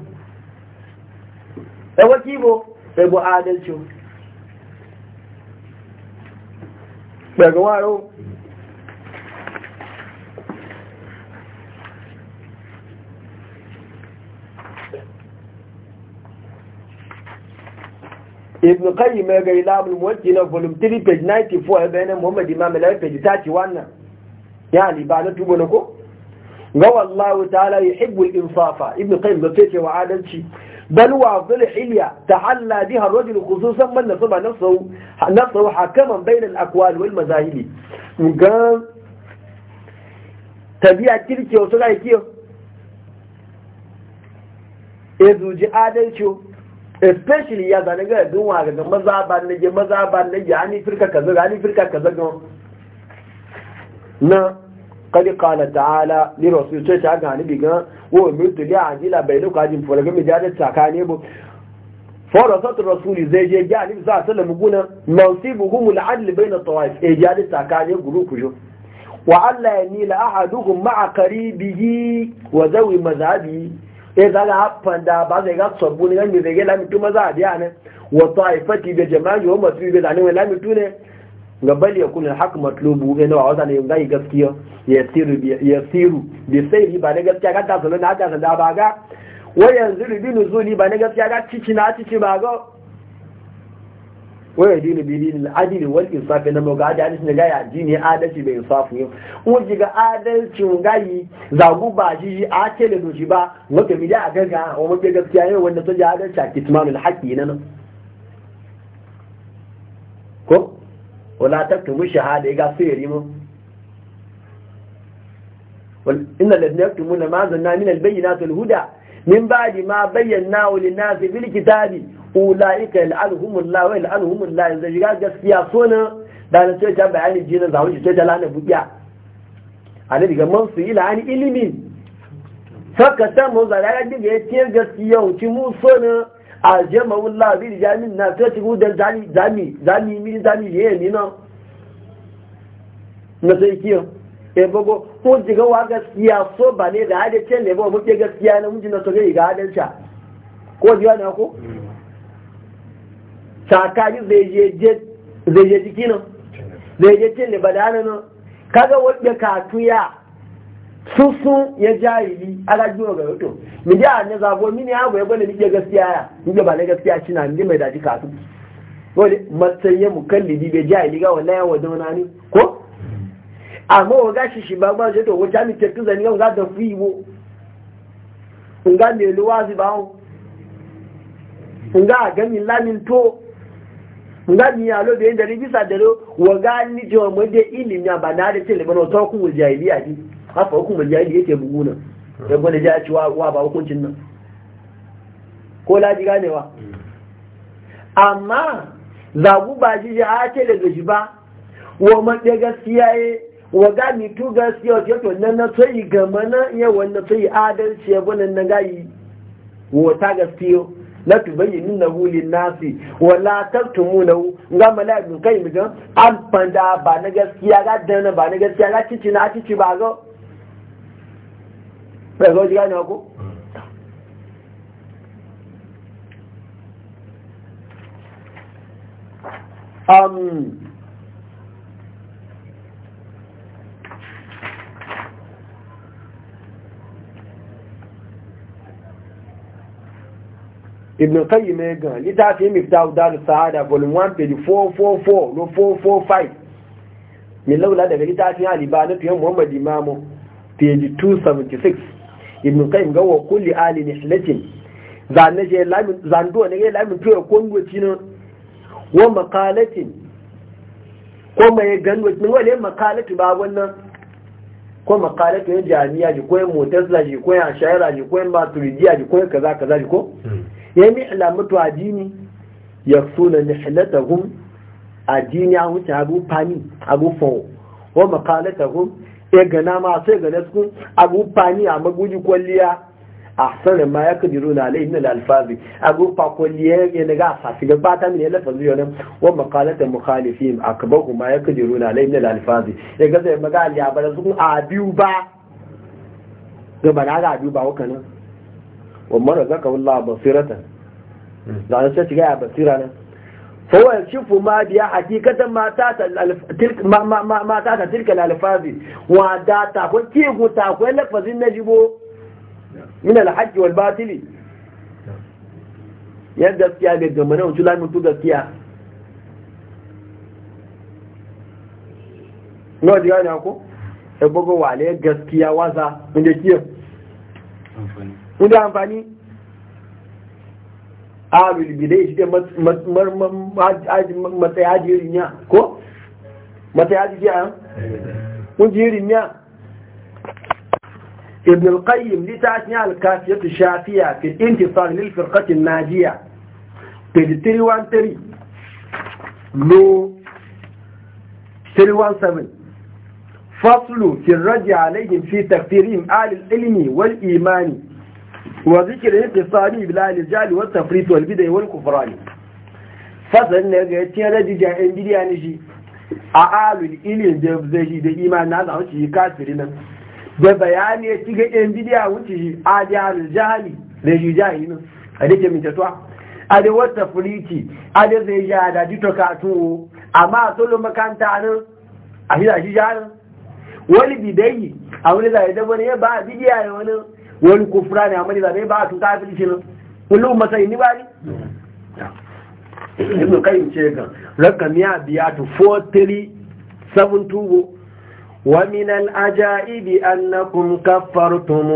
sai e waki bo sai e bu adalci daga waro ibn qayyim ya gari labul muwajji na volume 3 page 94 ya muhammad imam ya page 31 ya ni ba na tubo na ko ga wallahu ta'ala yuhibbu al-insafa ibn qayyim da sai wa adalci bal wa fil hilya ta'alla biha ar-rajul khususan man nasaba nafsahu nafsahu hakaman bayna al-aqwal wal mazahib ga tabi'a kirki wasu ga kiyo ezuji adalci especially ya zane ga yadda wa ga maza ba na je maza ba na je ani firka kaza ga ani firka kaza ga na kadi kala ta'ala ni rasul ce ta ga ni biga wo mi wa mutu li la bai da kajin fara ga mi da tsakane bu fara satu rasuli zai je ga ni za sallama guna nasibuhum al-adl bain at-tawaif e ja da tsakane guru jo wa alla yanila ahaduhum ma'a qaribihi wa zawi mazhabihi e za baze haffan da ba zai ga sabbu ne ganin ga lamitu maza a biya nan wa ta'ifati be jama'i wa masu be zani ne lamitu ne ga yakun alhaq matlubu ina wa wazana yin gaskiya yasiru yasiru bi sayri ba ne gaskiya ga da na da da baga wa yanzu bi nuzuli ba ne gaskiya ga cici na cici ba ga wai yadi ne bidi ne wal insafi na mawaka adi adalci ne gaya adi ne adalci bai insafi yau kuma shiga adalcin gayi zagu ba shi shi a kele doshi ba wata mi da a gaga a mafi gaskiya yau wanda sun ji adalci a kitmanul haƙi na nan ko wala ta tumi shahada ya ga su yari mun inna lalzina ya tumi na mazan na min albayyana alhuda? min ba di ma bayyana wani nasi bil kitabi ula'ika al'anhumullah wa al'anhumullah zai ga gaskiya so ne da na ce ta bayani jina za mu ce ta lana buya annabi ga man su ila an ilimi saka ta mu za ga diga ya ce gaskiya uci mu so na aljama'ullah bi jamin na ta ci gudan zami zami zami mi zami ye ni na na sai kiyo e bogo ko diga wa gaskiya so ba ne da hade ce ne ba mu ke gaskiya na mun ji na so ga ga hadalta ko jiya na ko tsakani zai je jiki nan zai je cin da badana nan kaga wadda katuya susu ya jahili ala jiwa ga yato ji a ne zabo mini ya goye bane nike gaskiya ya nike ba na gaskiya na ni mai daji katu wani matsayin mukallidi bai jahili ga wallahi wa na ne ko amma wa gashi shi ba ba je to wata mi tetu zani ga da fiwo nga me luwazi ba nga ga mi lamin to ngani ya lo be ndari bisa dero wa gani jo mo de ilimi abana de tele bana to ku jahiliya di hafa ku jahiliya yake buguna ya gode ja ci wa ba hukuncin nan ko gane wa amma zagu ba ji ya ce daga shi ba wa ma de gaskiya ye wa gani mi tu gaskiya ce to nan na sai ga mana ya wannan sai adalci ya bunan na gayi wa ta gaskiya la tubayyinunnahu lin-nasi wa la taktumunahu ga malaikun kai mu ga an fanda ba na gaskiya ga dana ba na gaskiya ga cici na cici ba ga ba ga jiga na ko um ibn qayyim gan litafi miftahu darus saada volume 1 page 445 min laula daga litafi alibana fi muhammad imamu page 276 ibn qayyim ga wa kulli ali nihlatin zanne je lamin zando ne ga lamin to ko ndo cinon wa maqalatin ko mai ganwa cinon wale maqalatu ba wannan ko maqalatu ne jami'a ji ko mutazila ji ko ya shaira ji ko maturidiya ji ko kaza kaza ji ko hmm. ya mutu a dini ya suna nihilatahum hun a wuce abu fani abu fawo wa hun ya gana ma sai gane su abu fani a maguji kwalliya a sanin ma ya kadiru na alayhi na alfazi abu fa kwalliya ya daga a safi ga ba min ya lafazi yau nan wa makalata mukhalifin akabahu ma ya kadiru na alayhi na alfazi ya gaza ya maga aliyabar su a biyu ba gaba na ga biyu ba wakanan wa mara zaka wallah basirata da an sai ya basira nan fa wa yashifu ma biya hakikatan ma ta tilka ma ta tilka alfazi wa da ta ko ki go ta ko lafazin najibo min alhajj wal batili ya gaskiya da gamana wuce lamin tu gaskiya nawa ji gane ko? ya bugu wale gaskiya waza inda kiyo amfani kun ga amfani alul bidai shi da matsayi haji rinya ko matsayi kun ji ibn al-qayyim littafin al-kafiyatu shafiya fi intisar lil firqati najiya 3313 lo 317 فصل في الرد عليهم في تكفيرهم آل العلم والإيمان wa zikirin qisani bil alijali wat tafrit wal bidai wal kufrani fasan ne ga tin radija en bidiya ne shi a alul ilin da zai shi da imani na zawo shi kafiri nan da bayani ya ci ga en bidiya wuce shi a jalil jali da shi jali nan a da ke tatwa a da wata furiti a da zai ja da jito katuwo amma a tsolo makanta nan a shi da shi jali wani bidayi a wani zai da wani ya ba a bidiya ya wani wani kufra ne amma da bai ba a su kafirci nan kullum masai ni ba bari ibn qayyim ce ga rakam ya biya to 4372 ومن العجائب أنكم كفرتم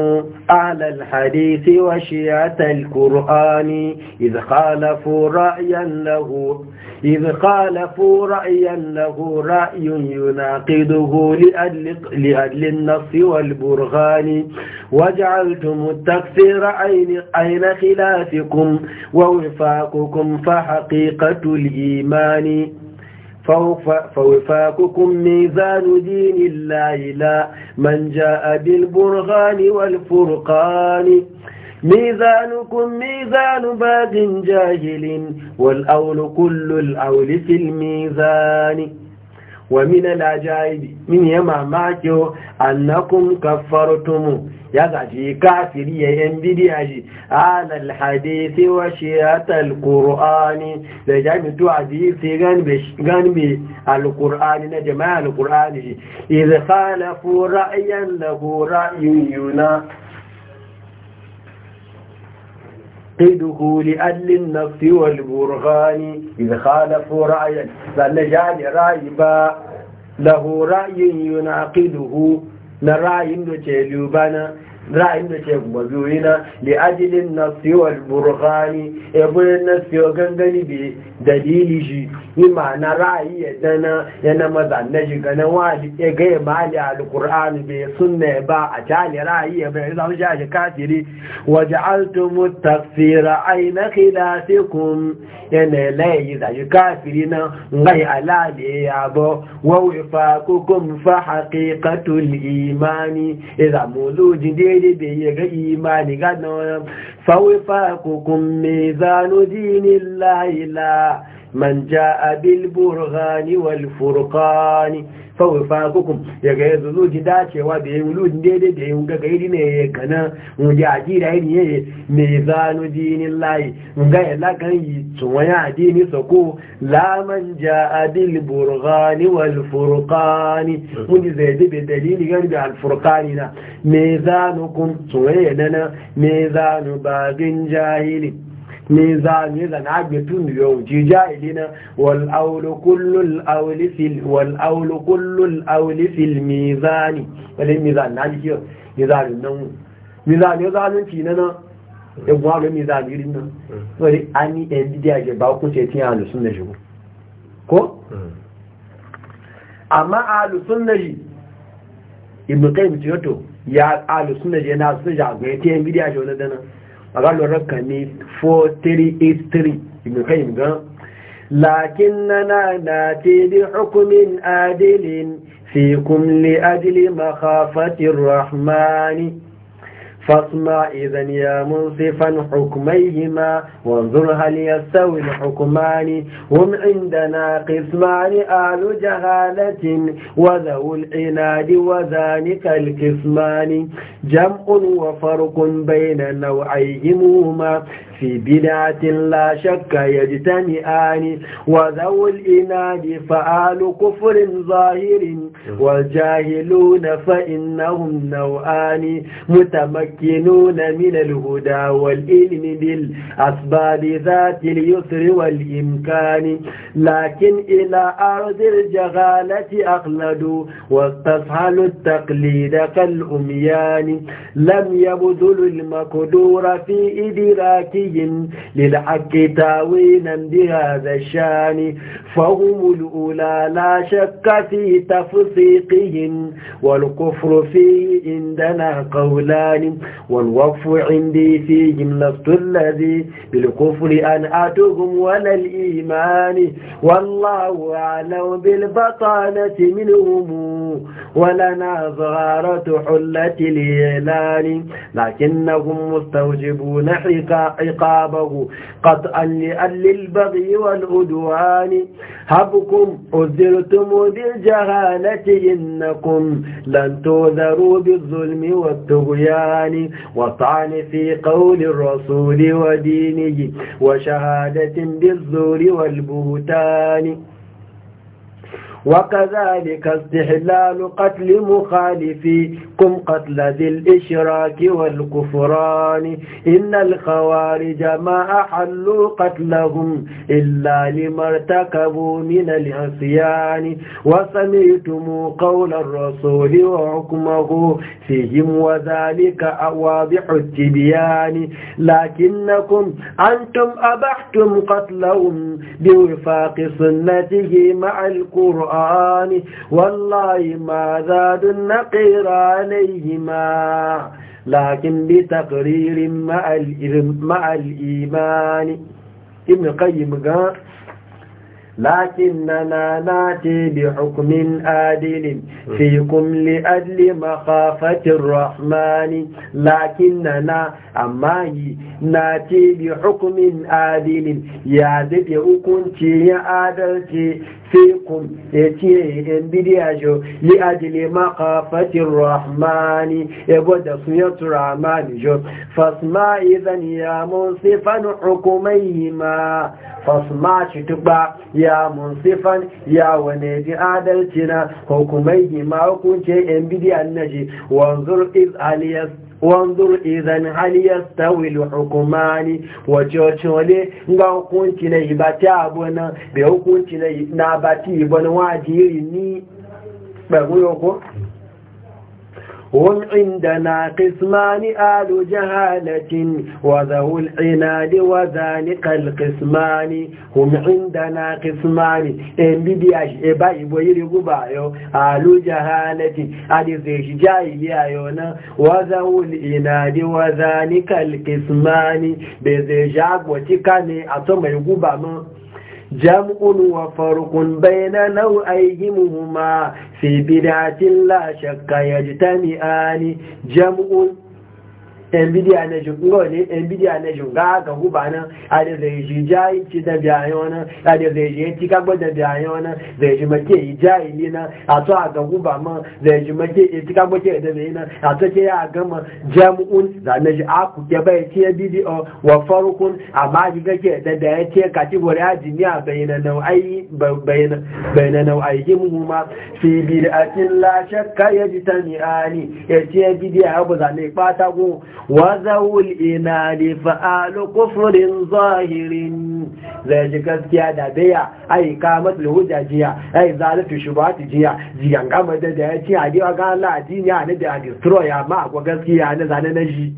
أهل الحديث وشيعة القرآن إذ خالفوا رأيا له إذ خالفوا رأيا له رأي يناقضه لأجل, لأجل النص والبرهان وجعلتم التكفير أين خلافكم ووفاقكم فحقيقة الإيمان فوفاقكم ميزان دين الله لا من جاء بالبرهان والفرقان ميزانكم ميزان باد جاهل والأول كل الأول في الميزان wa min al-ajaibi min ya mamaki annakum kaffartum ya gaji kafiri ya yan bidiya ji alal hadisi wa shi'atal qur'ani da jami to hadisi gan be gan be al-qur'ani na jama'a al-qur'ani idza khalafu ra'yan lahu ra'yun yuna قيده لأجل النفس والبرهان إذ خالفوا رأيا فنجعل رايبا له رأي ينعقده نرأي نتيلوبنا ra'ayin da ke mabiyoyi na da ajilin nasiyar burhani ebun nasiyar gangani da dalili shi yi ma'ana ra'ayi ya dana yana maza na shi ganin wani ya gaya mali alkur'an bai sunna ba a cali ra'ayi ya bai zama shi a shi kafiri waje altumu tafsira aina kun yana layi da shi kafiri na ngai alade ya bo wa kukun fa haqiqatul imani idan mulujin daidai bai yi ga imani ga nan fawai fa hukum mai zanu dinin la'ila من جاء بالبرهان والفرقان فوفاككم yaga yanzu zo ji dacewa da yin lulun daidai da yin gaga iri ne ya gana wuje a jira iri ne mai zanu dinin layi ga ya lakan yi tsohon adini sako laman ja adil burghani wal furqani wani zai ji bai dalili gani da al furqani na mai zanu kun tsohon ya nana mai zanu bagin jahili ne za ne za na ga tunu yau ji jahilina na aulu kullul auli fil wal aulu mizani mizan na jikiyar mizanin nan mizan ya ci na nan ya gwaro mizan irin nan wani an yi ɗan bidiyar ke ba ku ce tiya alusun na shigo ko hmm. amma alusun na shi ibu kai mutu yato ya alusun na je na sun a ta tiyan bidiyar shi wani dana agalwa raka ne 4383 ibn qayyim ga lakinnana nati bi hukmin adilin fi kumli ajli makhafati rahmani فاصمع إذا يا منصفا حكميهما وانظر هل يستوي الحكمان هم عندنا قسمان آل جهالة وذو العناد وذلك القسمان جمع وفرق بين نوعيهما في بدعة لا شك يجتمعان وذو الإناد فآل كفر ظاهر والجاهلون فإنهم نوعان متمكنون من الهدى والإلم بالأسباب ذات اليسر والإمكان لكن إلى أرض الجغالة أخلدوا واستسهلوا التقليد كالأميان لم يبذلوا المقدور في إدراكه للحق تاوينا بهذا الشان فهم الأولى لا شك في تفصيقهم والكفر فيه عندنا قولان والوقف عندي فيهم لست الذي بالكفر أن أتهم ولا الإيمان والله أعلم بالبطانة منهم ولنا صغارة حلة الإعلان لكنهم مستوجبون حقائق عقابه قطعا لأل البغي والأدوان هبكم أذرتم بالجهالة إنكم لن تؤذروا بالظلم والطغيان وطعن في قول الرسول ودينه وشهادة بالزور والبهتان وكذلك استحلال قتل مخالفي منكم قتل ذي الإشراك والكفران إن الخوارج ما أحلوا قتلهم إلا لما ارتكبوا من العصيان وسمعتم قول الرسول وحكمه فيهم وذلك واضح التبيان لكنكم أنتم أبحتم قتلهم بوفاق سنته مع القرآن والله ما زاد النقيران عليهما لكن بتقرير مع, مع الإيمان ابن قيم قال لكننا ناتي بحكم آدل فيكم لأجل مخافة الرحمن لكننا أماي ناتي بحكم آدل يا ذي أكنتي يا عدلتي فيكم يتيه انبدي اجو لأجل مقافة الرحمن يبود سنية الرحمن جو فاسمع إذن يا منصفا حكميهما فاسمع شتبا يا منصفا يا ونيد عدلتنا حكميهما وكنت انبدي النجي وانظر إذ أليست wanzur idan hal yastawi al-hukumani wajochole nga hukunci na ibati abona be hukunci na abati ibona wajiri ni هم عندنا قسمان آل جهالة وذو العناد وذلك القسمان هم عندنا قسمان انبيبياش إباي ويرغو بايو آل جهالة هذه زيش جايليا يونا وذو العناد وذلك القسمان بزيجاك وتكاني أتم يغو بايو جمع وفرق بين نوعيهما في بدعة لا شك يجتمعان جمع yan na jungo ne yan bidiya na junga ga guba nan a da zai ji jayi ci da biyayen wani a da zai ji ya ci kagba da biyayen wani zai ji make yi jayi ni na a to a ga guba ma zai ji make yi ci kagba ke da zai na a to ke ya gama jam'un da na ji aku ke bai ce bidiyo wa farkun amma ji ke da da ya ce kategori a jiniya bayyana nau'ayi bayyana nau'ayi ma fi bid'atin la shakka yajtani'ani ya ce bidiya abu zane ipata go wazawul ina ne fa'alu kufurin zahirin zai ji gaskiya da daya a yi ka matsala jiya a yi zalifin shi ba jiya jiya ga da ya ce a gina gala a a na da a destroy gaskiya na zane na shi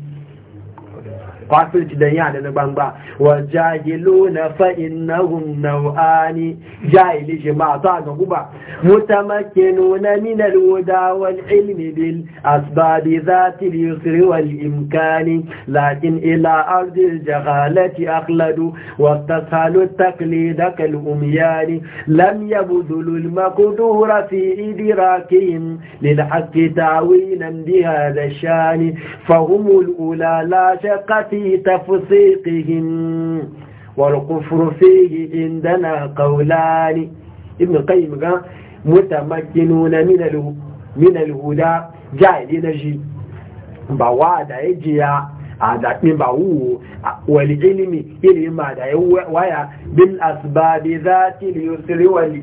kafirci don yana na gbangba wa jahilu na fa'in na nau'ani jahili shi ma ta ga guba mutamakinu na minar wuda wal ilmi bil asbabi za ta yusri wal imkani lakin ila arzir jahalati akhladu wa tasalu taklida kal umyani lam yabdulu al maqdura fi idrakihim lil haqqi ta'winan bi hadha shani fahum al ula la shaqati في تفسيقهم والكفر فيه عندنا قولان ابن القيم قال متمكنون من من الهدى جاهلين لنجي بواد يجيا a zaɓi ba wuwo wali ilimi ilima da ya waya bil asbabi za li yusri wal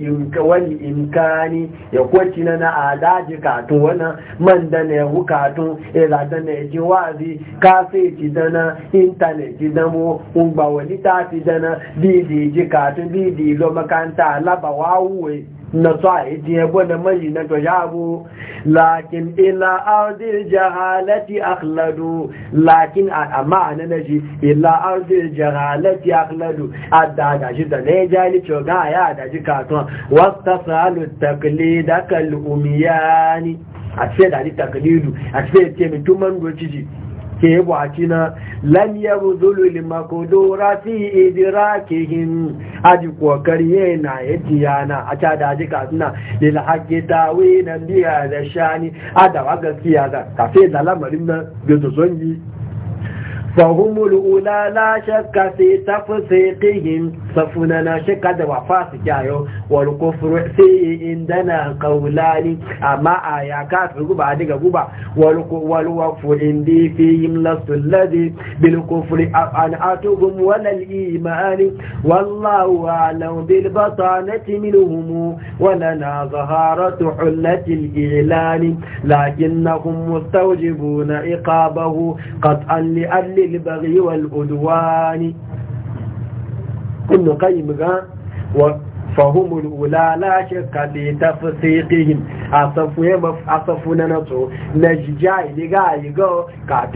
imkani ya kwaci na na daji katun wani man da na yahu katun ya zata na ya wazi kasaiti dana intanet ci damo ungba wani ta fi dana bidi ji katun lo makanta laba wuwe na tsaye jebo na mai na gajabu lakin ila arzir jahalati akhladu lakin a ma'ana na ji ila arzir jahalati akhladu a daga shi da na ya jali coga ya da shi katon wata salu takli da kal'umiyani a ce da ni taklidu a ce ce mutumin gociji ke bwakina lam idira limakodorati idrakihim aji kokari yana yaji na a ta da aji kasuna lil haqqi tawina biya da shani ada wa gaskiya da kafe da lamarin nan ga zonji فهم الأولى لا شك في تفسيقهم صفنا لا شك هذا وفاس جايو والكفر فيه عندنا قولان أما آيا كافر قبا ديك قبا والوف عندي فيهم لست الذي بالكفر أنعتهم ولا الإيمان والله أعلم بالبطانة منهم ولنا ظهارة حلة الإعلان لكنهم مستوجبون إقابه قطعا لأهل biyan liba ke yi wa lu'oɗo wani minnu ka wa fa ho la laa ce ka biyeta soseki yi a safuya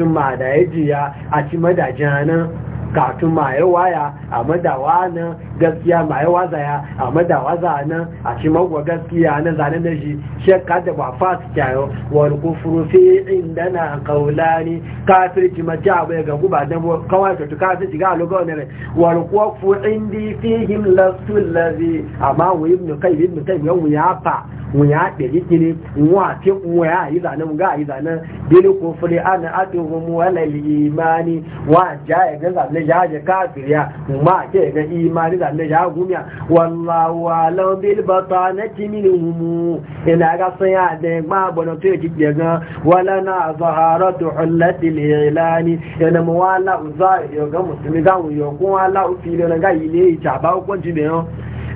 ma da yi jiya ci ma jana. katun maye waya a madawa nan gaskiya maye wazaya a madawa zanen a shi magwa gaskiya na zanen da shi shekka da ba fas kyayo wani kufuru fi inda na kaulani kafirci mace abu ya gagu ba dabo kawai ka tu kafirci ga alugawa ne wani kufu indi fi him lasu lazi amma wa ibn kai ibn kai mu ya fa mu ya ɗari kini mu a fi mu ya yi zanen ga yi zanen bil kufuri ana atuhum wala imani wa ja ga zanen ya je kafiriya ma ke ga imani da ne ya gumiya wallahu alam bil batanati minhum ina ga san ya da ma bono to ki e de ga wala na zaharatu hullati al ilani ina mu wala uzai yo ga musulmi ga yo ko wala ufilo na ga ile ta ba ko jibe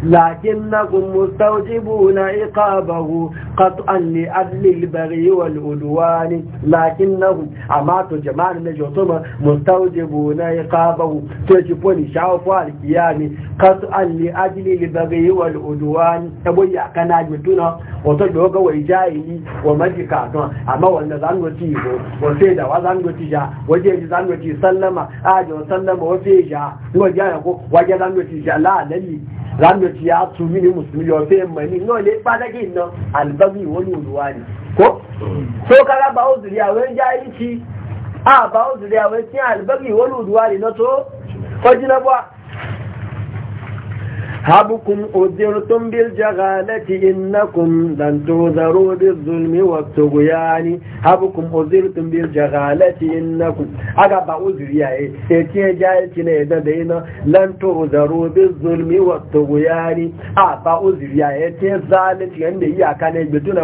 لكنكم مستوجبون عقابه قطعا لأجل البغي والعدوان لكنهم أماتوا جماعة نجوتهم مستوجبون عقابه تجبون شعوفوا الكيان قطعا لأجل البغي والعدوان أبويا كان أجمتنا وتجوغ وإجائه ومجكاتنا أما وأن ذنبتيه وسيدة وذنبتيه وجيه ذنبتيه سلم آجو سلم وفيه وجيه ذنبتيه لا نلي ذنبتيه ci ya tumi ne musulmi yau sai mani no le pataki no albagi wani ne ko so kaga ba o zuriya a ba o zuriya wani cin albagi wani na to ko jina ba حبكم أذرتم بالجغالة إنكم لن تغذروا بالظلم والتغيان حبكم أذرتم بالجغالة إنكم أقبع أذريا إتي جايتنا إذا دينا لن تغذروا بالظلم والطغيان أقبع أذريا إتي ذالت يندي يكان يجبتنا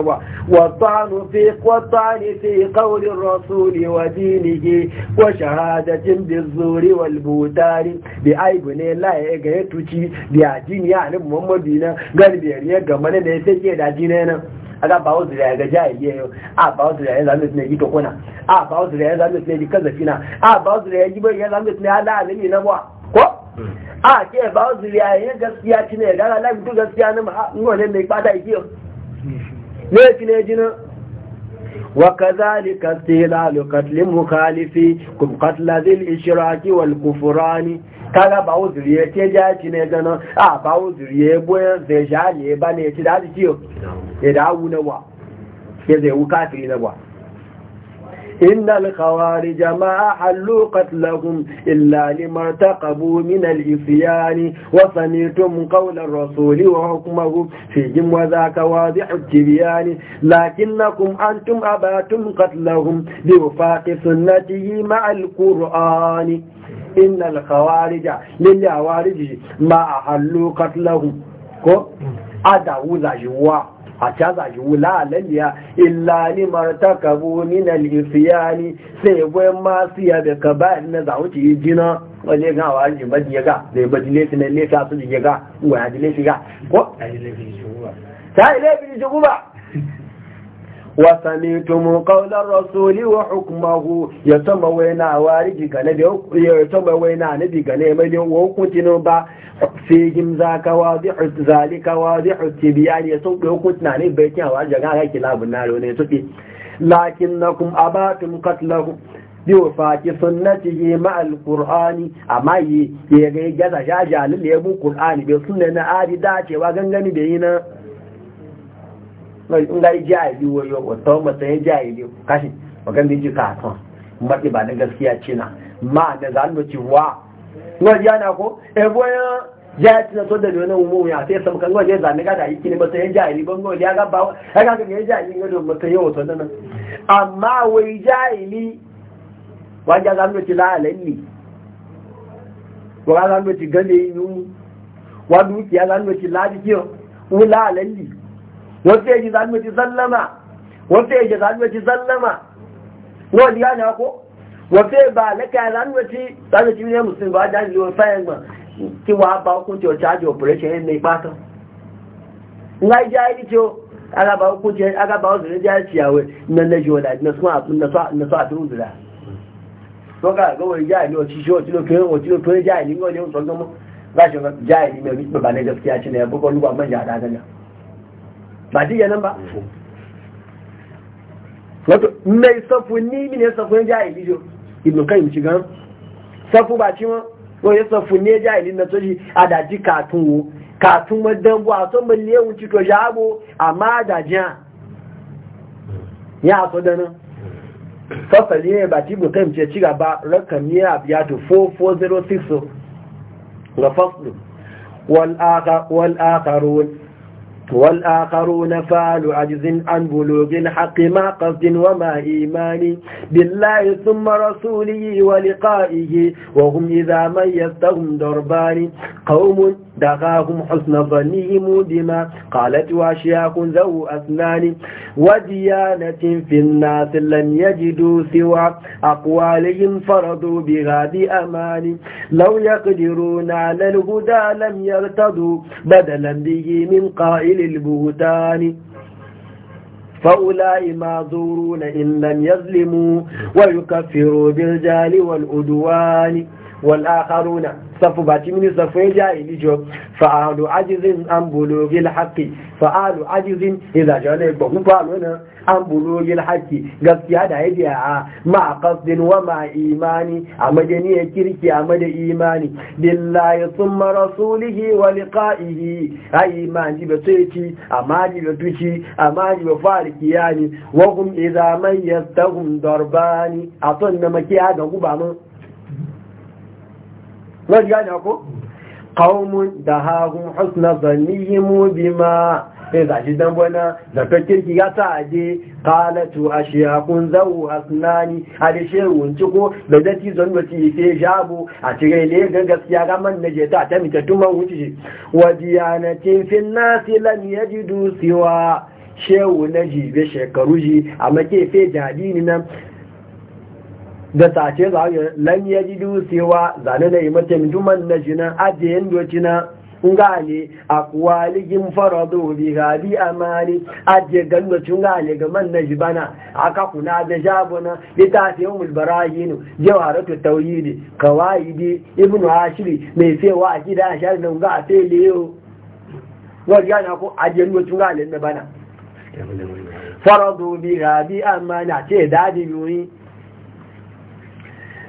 والطعن في والطعن في قول الرسول ودينه وشهادة بالزور والبوتان بأيبني لا يغيتوشي بأيبني addini ya annabi muhammadu na galibi ya gama ne da ya sai da addini yana aga ba wasu da ya ga jahiliya yau a ba wasu da ya zama tunai ji tokuna a ba wasu da ya zama tunai ji kazafina a ba wasu da ya ji bai ya zama tunai ala alimi na ba ko a ke ba wasu da ya gaskiya ci ne gara lafi to gaskiya na ma ngole mai fata iki yau ne ci ne ji na وكذلك استهلال قتل مخالف قتل ذي الإشراك والكفران kaga ba uzuri ya ce ja ci ne gano a ba uzuri ya boye zai ja ne ba ne ci da ya da wu na wa ya zai wuka fi na wa إن الخوارج ما أحلوا قتلهم إلا لما ارتقبوا من الإفيان وصنيتم قول الرسول وحكمه فيهم وذاك واضح التبيان لكنكم أنتم أباتم قتلهم بوفاق سنته مع القرآن إن الخوارج للعوارج ما أحلوا قتلهم أدعو ذا جواه a caza yi wula lalliya illa ni martakabu min al-ifyani sai wai masu ya da ka ba na zawuci jina wale ga wa ji ba ya da zai baji su tinan ne ta su ji ga wa ya ji ne shi ga ko ta ile bi ji guba <laughs> وسمعتم قول الرسول وحكمه يتم وينا وارجي غنبي يتم وينا نبي غنبي وكنتن با فيهم ذاك واضح ذلك واضح التبيان يتم وكنتن نبي بيتي واجا غا كلاب النار وني تبي لكنكم اباتم قتلهم biwafaki sunnatihi ma alqur'ani amma yi ya ga gaza jajalin da ya bu qur'ani bai sunna na adi dacewa gangani da yi na nga yi wayo wata mata ya jahili kashi magan da ji katon maɗi ba na gaskiya ce na ma da za mu wa wani yana ko ebo eh, ya jahili na so da ne wani umu ya sai samu kan gwaje zane ga da yi kini mata ya jahili ban gwaje ya ga ba ya ga ya jahili ga da mata ya wato nan amma wai jahili wajen za mu ci lalalli wa za mu ci gane yi wa dukiya za mu ci lalalli wasu yaji zalmaci zallama wasu yaji zalmaci zallama wani gane ko wasu ba laka zalmaci zalmaci ne musulmi ba da jiwa fayan ma ki wa ba hukunci wacce aji operation yin mai fata nga yi jayi ce aga ba hukunci aga ba wasu ne jayi ciyawe na na jiwa da na suna na sa tun zira to ka ga wani jayi ne wacce shi wacce lokacin wacce lokacin jayi ne wani wani tsoron gama gashin jayi ne mai ba gaskiya ci ne ya bukwa lugwa manja da ganin ba diya nan ba wato mai safu ni ne safu ne jahili jo ibn kayyim ci gan safu ba ci ma ko ya safu ne jahili na toji adaji katun wo katun ma dan bu a aso maliye un ci to jabo amma adajan ya so dana fasali ne ba ci ibn kayyim ce ci gaba rakami ya biya to 4406 ga faslu wal akhar wal akharun والآخرون فعلوا عجز عن بلوغ الحق ما قصد وما إيمان بالله ثم رسوله ولقائه وهم إذا ميزتهم دربان قوم دغاهم حسن ظنهم بما قالت واشياخ ذو أسنان وديانة في الناس لم يجدوا سوى أقوالهم فرضوا بها بأمان لو يقدرون على الهدى لم يرتضوا بدلا به من قائل البهتان فأولئك زورون إن لم يظلموا ويكفروا بالجال والأدوان والآخرون safu ba ti mini safu ya ja ilijo alu ajizin an haqi fa alu ajizin ila jale ba ku fa'alu na an gil haqi gaskiya da ya a ma qasdin wa ma imani a madani ya kirki a mada imani billahi thumma rasulihi wa liqa'ihi ai iman ji ba sai ci amma ji ba tuci amma ji ba fari kiyani wa hum idza man yastahum darbani atun na makiya ga guba mun wani gani ko qaumun da hagun husna zannihimu bima sai da shi dan bana da kakkin ki ya ta aje qalatu ashiyakun zawu asnani hade shehu ci ko da dati zan wati sai jabu a cire ne ga gaskiya ga man naje ta ta mita tuman wuce wa diyanatin fil nasi lam yajidu siwa shehu na be shekaru ji amma ke fe jadi ni nan da sace za a lan ya ji dusewa zane na yi mata mutumin na jina ajiyen docina ngale a kuwa kuwaligin farado bi gabi mari ajiye gandocin ngale ga man na jibana aka kuna da jabuna littafin mulbarahinu jawaratu tauhidi kawaidi ibnu hashiri mai fewa a gida a shari na nga a fele yau wani yana ko ajiye gandocin ngale na bana farado bi gabi mari a ce dadi yoyin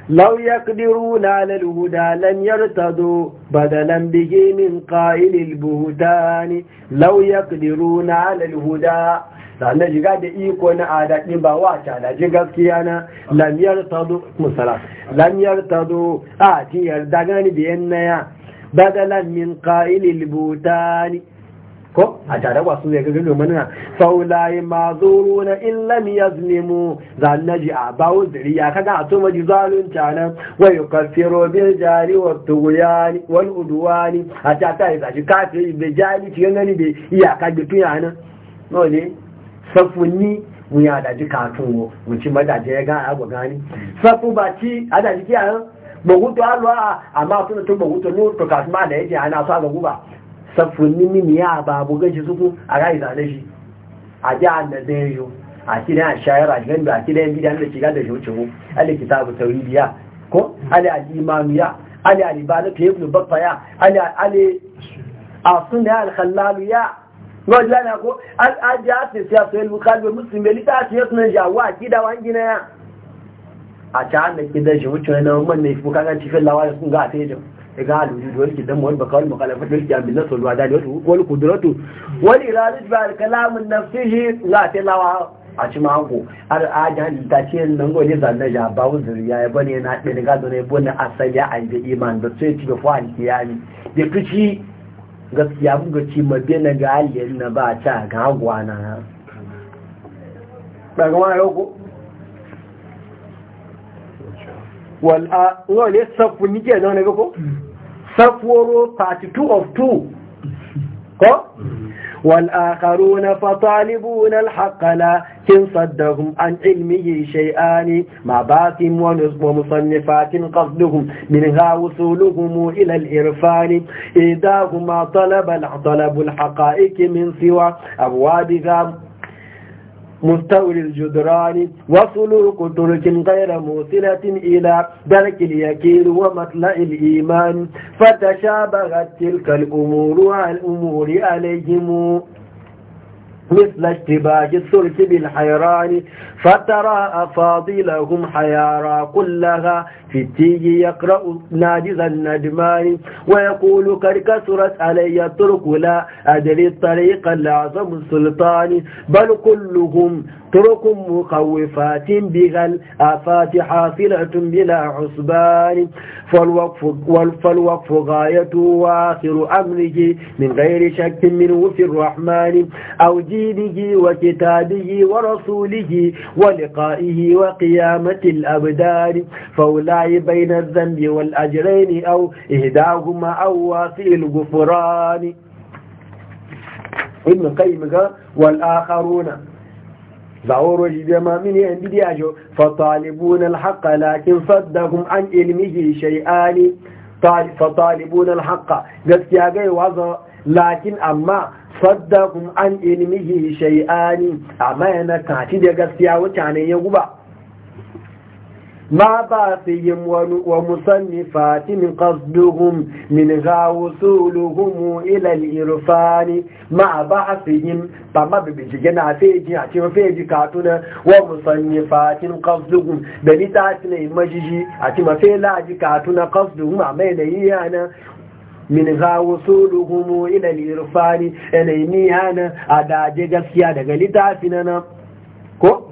لو يقدرون على الهدى لن يرتدوا بدلا به من قائل البهتان لو يقدرون على الهدى sannan jiga da iko na adaɗin ba wata da ji gaskiya na lamiyar tado musala lamiyar tado a ciyar dagani biyan naya badalan min ƙa'ilil butani ko a tare ba su zai ga gano mana saulayi ma zuru na illam ya zlimu zannaji a bawo ya kaga a tuma ji zalunta nan yi yukaffiru bil jari wa tughyani wal udwani a ta ta yi zaji yi da jari cikin gani da iyaka da tuya nan ne safunni mu ya daji katun mu ci madaje ya ga abu gani safu ba ci a daji kiyaye gbogbo to a lọ a ma tun tun gbogbo to ní to kasuma da yake ana so a gbogbo ba safin nimi ya babu gaji suku a rai zane shi a ji a da zai yi a cikin a shayar a gani a cikin bidan da shiga da shi wuce mu ali kitabu tauridiya ko ali al-imamiya ali na ibadatu ibn baffaya ali ali asuna al-khallaliya wajen ko al-ajati siyasa al-bukhari muslim belita siyasa na jawa gida wangina a ta hannun gidan shi wuce wani man ne fuka kan cikin lawaye sun ga a tejin ga alubu da wani dan wani bakawar makalafa da wani jami'in na ruwa da wani wani kuduratu wani iradu ba kalamun nafsihi za a lawa a ci mako har ajan ta ce nan gode zanne ja ba wuzuri ya bane na ɗin ga zo ne bane asali a yi iman da sai ci ga fa alkiyami da kici gaskiya mun ga ci mabe na ga aliyin na ba ta ga gwana ba ga wani yau wala uh, no na ko 32 of 2 ko wal akharuna fatalibuna al haqqala kin saddahum an ilmihi shay'ani ma batim wa nusbu musannifatin qasduhum min ha wusuluhum ila al irfan idahuma talaba min siwa abwabiha مستول الجدران وسلوك ترك غير موصلة إلى درك اليكين ومطلع الإيمان فتشابهت تلك الأمور والأمور عليهم مثل اشتباج الثلث بالحيران فترى أفاضلهم حيارا كلها في التيج يقرأ ناجز الندمان ويقول قد علي الطرق لا أدري الطريق العظم السلطان بل كلهم ترك مخوفات بها الآفات حافلة بلا عصبان فالوقف, فالوقف غاية وآخر أمره من غير شك من وفي الرحمن أو دينه وكتابه ورسوله ولقائه وقيامة الأبدان فولاي بين الذنب والأجرين أو إهداهما أو واسع الغفران ابن قيم والآخرون ظهور بما من ينبدياج فطالبون الحق لكن صدهم عن علمه شيئان فطالبون الحق gaskiya gai wazo lakin amma saddahum an ilmihi shay'ani amma yana kati da gaskiya mutane ya guba ما باقيهم ومصنفات من قصدهم من غا وصولهم إلى الإرفان مع بعثهم طبعا بجينا فيجي عشان فيجي كاتونا ومصنفات قصدهم بني عشان مجيجي عتيم فيلاجي كاتونا قصدهم عمينا إيانا min za wasuluhum ila al-irfani alayni ana adaje gaskiya daga litafi na ko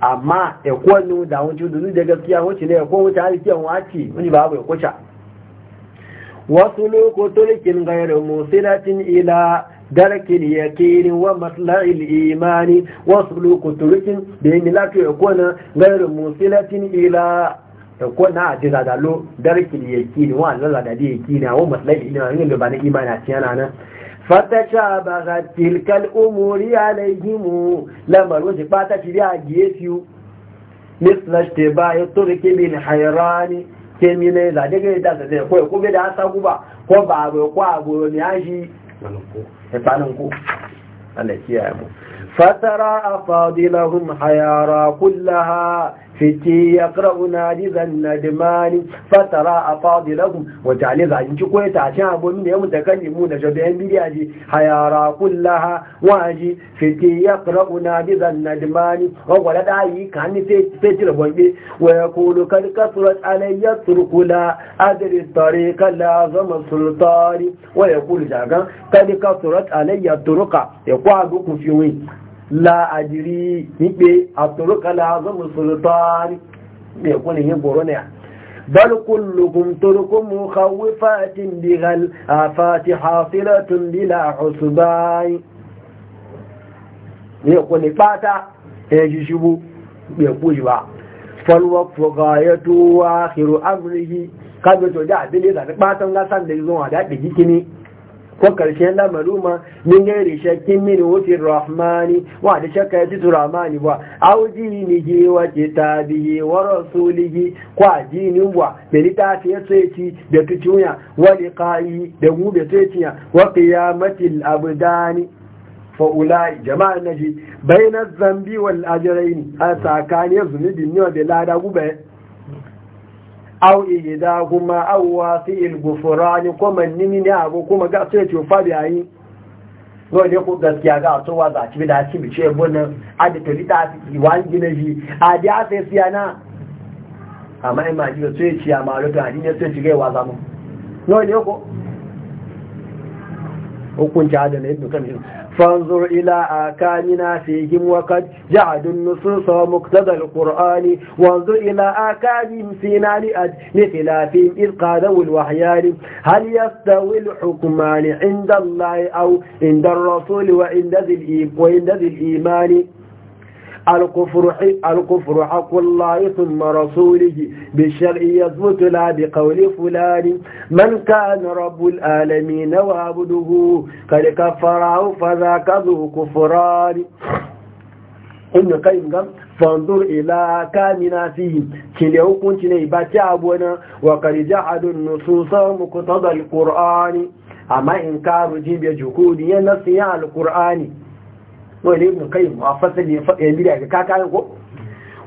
amma ya kwanu da wọn da ó gaskiya wuce ne ya kwanu wọn ti halittar wọn ti babu ya ṣà wasu lokotolikin gairu musilatin ila darkin yakinin wa matsala'il imani wasu lokotolikin da yin lati ya kwanu gairu musilatin ila ẹ̀kọ́ na àti zadalo darkin yakinin wa lalada da yakinin wa matla'il imani ba na imani a tiyana nan fatashabaha tilkal umuri alaihim lamar wasu fata shiri a gefiyu mislash te ba ya turki bin hairani ke mine za daga yadda sa zai kawai kuma da hasa guba ko ba abu ko abu ne ya shi tsanin ku Allah kiyaye mu fatara afadilahum hayara kullaha fiti ya ƙra'una zan na dimani fatara a faɗi lagun wata aliza in ci koya ta a da ya mutu kan limu da shaɗu yan bidiya ji hayara kullaha waji fiti ya ƙra'una hadizan na dimani wakwada yi ka ni sai cire bambe waya kulu kan kasurat alayyar turkula adiri tare kala zama sultari waya ya kulu shagan kan kasurat alayyar turka ya kwa dukun fiye la ajiri hibe a turuka la azamu sultan da kuna yin goro ne bal kullukum turukum mukhawifatin bighal afati hasilatun bila husbai ne kuna fata ya jishibu bai kuji ba falwaqfu ghayatu wa akhiru amrihi kabe to da abin da ta fatan gasan da zuwa da digi kini ko karshen lamaruma, min gairi shakkin min wufi rahmani wa da shakka ya titu rahmani ba ji wa kitabihi wa rasulihi ko ni wa da litafi ya tsaye da tuciya wa liqa'i da mu da tsaye wa qiyamatil abdani ulai jama'a naji bayanar zambi wal ajirai a tsakaniyar zunubin yau da lada gube aw ihdahuma aw wasi'il gufran kuma nimi ne abu kuma ga sai ce fa da yi no ne gaskiya ga to wa za ci da ci ce bonan adi to lita ci wan gina ji adi a sai amma ma ji to adi ne sai ci ga wa فانظر إلى آكاننا فيهم وقد جعلوا النصوص ومقتضى القرآن وانظر إلى آكانهم في نار أد لخلافهم إذ قادوا الوحيان هل يستوي الحكمان عند الله أو عند الرسول وعند ذي الإيمان الكفر الكفر حق الله ثم رسوله بالشرع يثبت لا بقول فلان من كان رب العالمين وعبده قد كفره فذاك ذو كفران إن قيم قام فانظر إلى كامنا فيهم كلي حكم كلي باتي أبونا وقد جعل النصوص مقتضى القرآن أما إنكار جيب جهود ينسي على القرآن wani ne mun kai mu a fasali ya miliya ga kakayen ko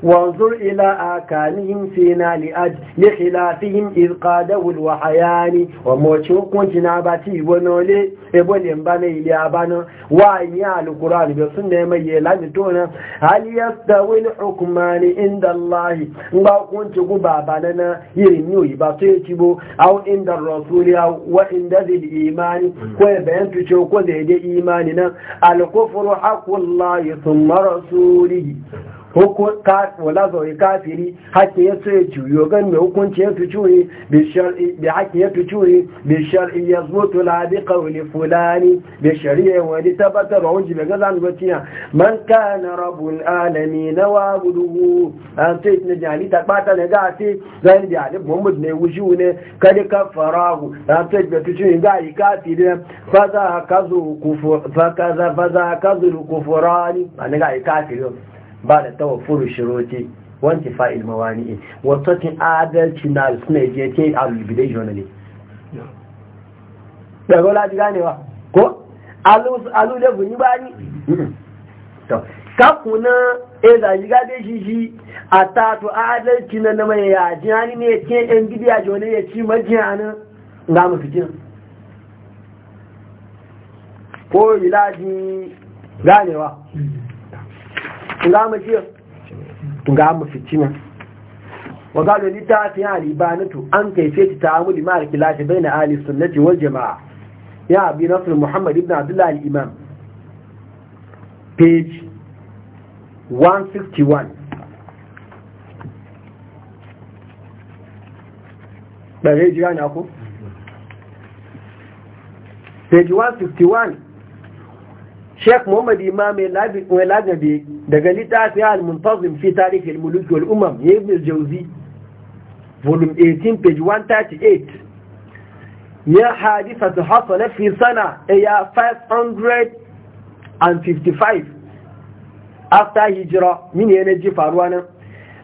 وانظر إلى آكانهم فينا لأج لخلافهم إذ قادوا الوحيان وموشوكون جناباتي ونولي إبول مباني إليابانا وإن يعلو القرآن بسنة ميلان تونا هل يستوي الحكمان عند الله باكون تقو بابانا يرنيو يبطيتبو أو عند الرسول أو وعند ذي الإيمان ويبين تشوكو ذي الإيماننا الكفر حق الله ثم رسوله wala zaune kafiri haƙƙi ya tsaye ciwo gan mai hukunci ya fi ciwo bi haƙƙi ya fi ciwo bi shari'i ya zo tula bi ƙauli fulani bi shari'a wani tabbatar wani jibe daga zanen bacina man ka na rabun alami na wa gudugu an sai na jani ta ɓata na gafe zai da alif muhammad ne wushi ne kada ka faragu an sai da tuci ga yi kafiri faza ka zo kufurani a ni ga yi kafiri ba da tawafuru shiroti wanti fa'il mawani'i watakin adalci na suna je ke alubidai da gola ji ganewa ko alulebun yi bani kakuna eza yi gade shi shi a tatu adalci na na mai yaji hannu ne ke yan a jone ya ci majiyanin ga jin. ko yi lati ganewa mm-hmm. nga mu jiya nga mu fitina wa an kaife ta ta'amuli ma al-kilafi baina ali sunnati wal jamaa ya abi muhammad ibn al 161 page 161 Sheikh Muhammad Imam Al-Lagabi daga littafi Al-Muntazim fi Tarikh al-Muluk wal Umam Ibn al-Jawzi volume 18 page 138 ya hadithatu hasala fi sana ya 555 after hijra min yana ji faruwa nan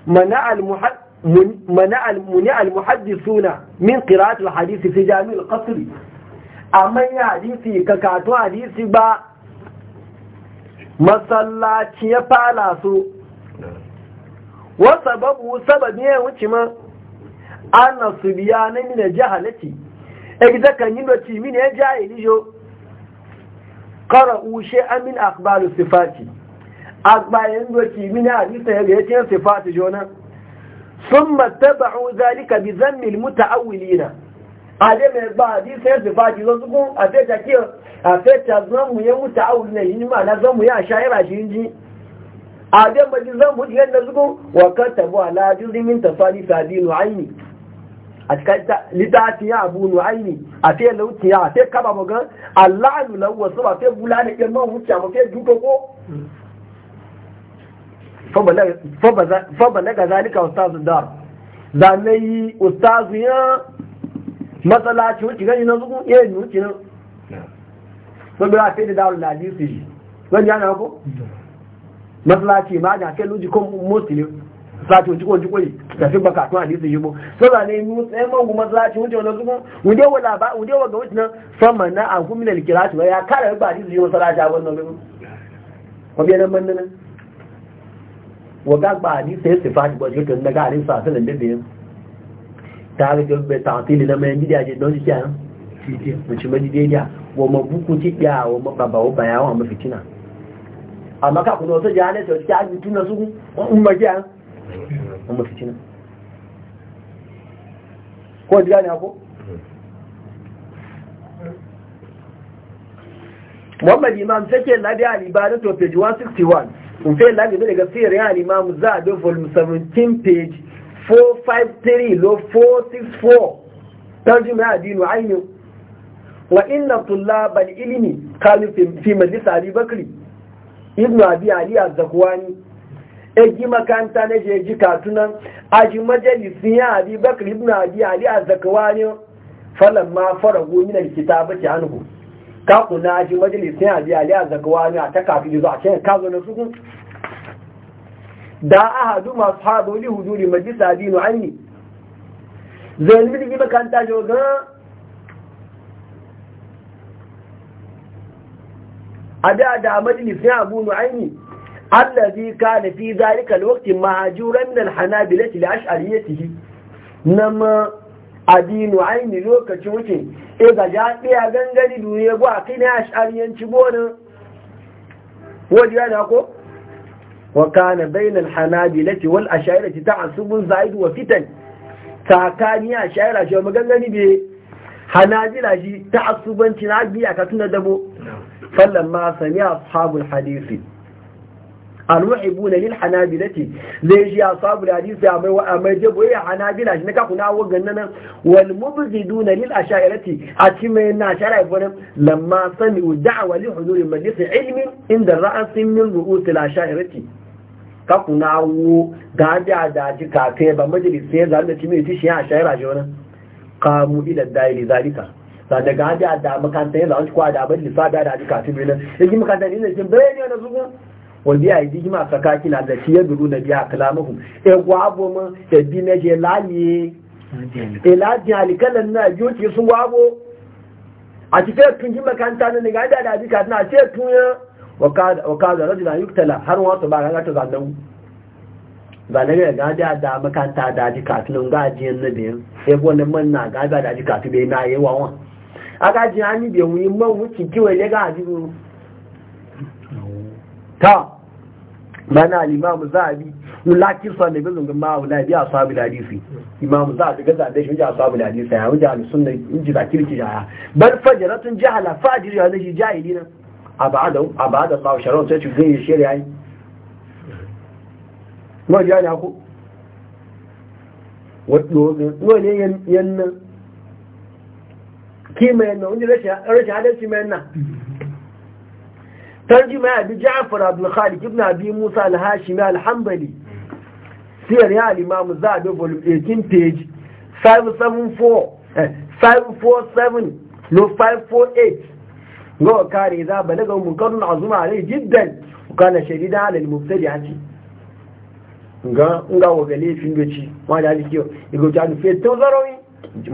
mana al-muhaddith منع منع المحدثون من قراءة الحديث في جامع القصر أما يا حديثي ككاتو حديثي با masallaci ya fala su wasu sababu sababi ya wuce ma ana su biya na mina jahalati e kan yi doci mina ya jahili nijo kara ushe amin akbalu sifati akbayan doci mina nisa ya gaya cikin sifati jona sun mataba'u zalika bi zammil muta'awwilina adẹ́mẹ̀gbà àdí fẹ́ẹ̀sì fàájì lọ́túnkún àfẹ́ẹ̀tà kí ọ àfẹ́ẹ̀tà zọ́mù yẹn múta àwùrùn ẹ̀yìn ní màá zọ́mù yẹn àṣà ẹ̀rà ṣe ń jí adẹ́mẹ̀jì zọ́mù ti rẹ̀ lọ́túnkún wọ̀kán tẹ̀bọ̀ aláàjú rímí tẹ̀fàdí sàbí nù áyìnì lítà ti yà àbú nù áyìnì àti ẹ̀lẹ́ ti yà àti kábàbọ̀ gan aláàlù lọ́wọ́ sọ́bà fẹ́ bú láàrín pé mọ́ wùtì àmọ́ fẹ́ dúkọ́ kó fọ́bà lẹ́gà zálíkà ustazu dáa yi ustazu yẹn matsalaci wuce gani na zuku iya yi wuce nan sun bira fi da da dawon lalisi shi zan yana ko matsalaci ma da kai lujikon muslim sati wuce kwanci kwari tafi baka tun hadisi shi bo so da ne mu tsaye mangu matsalaci wuce wani zuku wude wa laba wude wa ga wuce nan sama na an kuma da kira shi ya kare ba hadisi yi matsalaci a wannan gaba ko biya nan manna nan wa ga ba hadisi sai sifati ba shi tun daga hadisi a sanin da biyan ta ga gbe ta ti le me ndi aje don ti an mu ci mai de ya wo mo buku ti ya wo mo baba wo baya wo mo fitina amma ka kuno to jale to ti aje tun su mu ma ja mo fitina ko ji ne ko Muhammad Imam take labi al-Ibadatu page 161. Kun fe labi daga sirri al-Imam Zabi volume 17 page 453 lọ 464 tọ́jú mẹ́ àdínú àìní wa inna tullaba ilimi kanu fi majalisa abi bakri Ibn abi ali az-zakwani eji makanta na je ji katunan ji majalisun ya abi bakri ibn abi ali ma fara falamma faragu likita al-kitabati hannu kakuna a ji majalisun ya abi ali az-zakwani a ta kafin zuwa cikin kazo na sukun da a ahadu masu haɗu li huduri majalisa dinu anni zai nemi digi makanta shoga a da da majalisin abu nu'aini allazi kana fi ma a zalika alwaqti ma'juran min alhanabilati li ash'ariyatihi nama adinu aini lokacin wuce e ga ja ɗaya gangari duniya a kai ne ash'ariyanci bonin wajen yana ko وكان بين الحنابلة والأشاعرة تعصب زائد وفتن تاكاني أشاعرة شو مغنغني بي حنابلة جي تعصبا تنعبي أكتنا دبو فلما سمع أصحاب الحديث almuhibuna lil hanabilati zai shi asabu da hadisi a mai a mai jabo ya hanabila shi naka kuna wa ganna nan wal mubghiduna lil ashairati a ci mai na shara ibn lamma sami da'wa li huduri majlisi ilmi inda ra'asin min ru'us al ashairati ka kuna wo da da da ji ka kai ba majlis sai zan da ci mai tishi a shaira shi wannan qamu ila daili zalika da daga hajji a da makantar yanzu an kwa da abin lissafi da hajji kafin benin yake makantar yanzu bai ne na zugun wanda ya yi jima sakaki na da ya duru na biya kalamuhum e gwabo mun e bi na je laye e lajin alikalan na biyo ki sun gwabo a ci sai tun ji makanta na ne ga da da jika na sai tun ya wa ka da rajula yuktala har wasu ba ga ta zannan ba na ga da da makanta da jika tun ga jiyan na biyan e gwanin man na ga da jika tun bai na yawa wan aga jiyan ni biyan yi man wuce kiwai ya ga ajibu ta mana al-imam zahabi lakin sa ne bizun ma wala bi ashabi hadisi imam zahabi ga zabe shi ashabi hadisi ya wuce al sunna inji da kirki ya bar fajratun jahala fajiri ya ne jahilina abada abada Allah sharon sai ci gani shi yi no ya ne ku wato no ne yanna kima yanna wani rashin rashin hadisi mai yanna tarjuma abi ja'far abdul khaliq ibn abi musa al-hashimi al-hanbali siyar ya al-imam zabi volume 18 page 574 547 eh, no 548 go kare za balaga munkarun azuma alai جدا وكان shadidan على mubtadi'ati nga nga wa ci, doci da ake kiyo igo ta fe to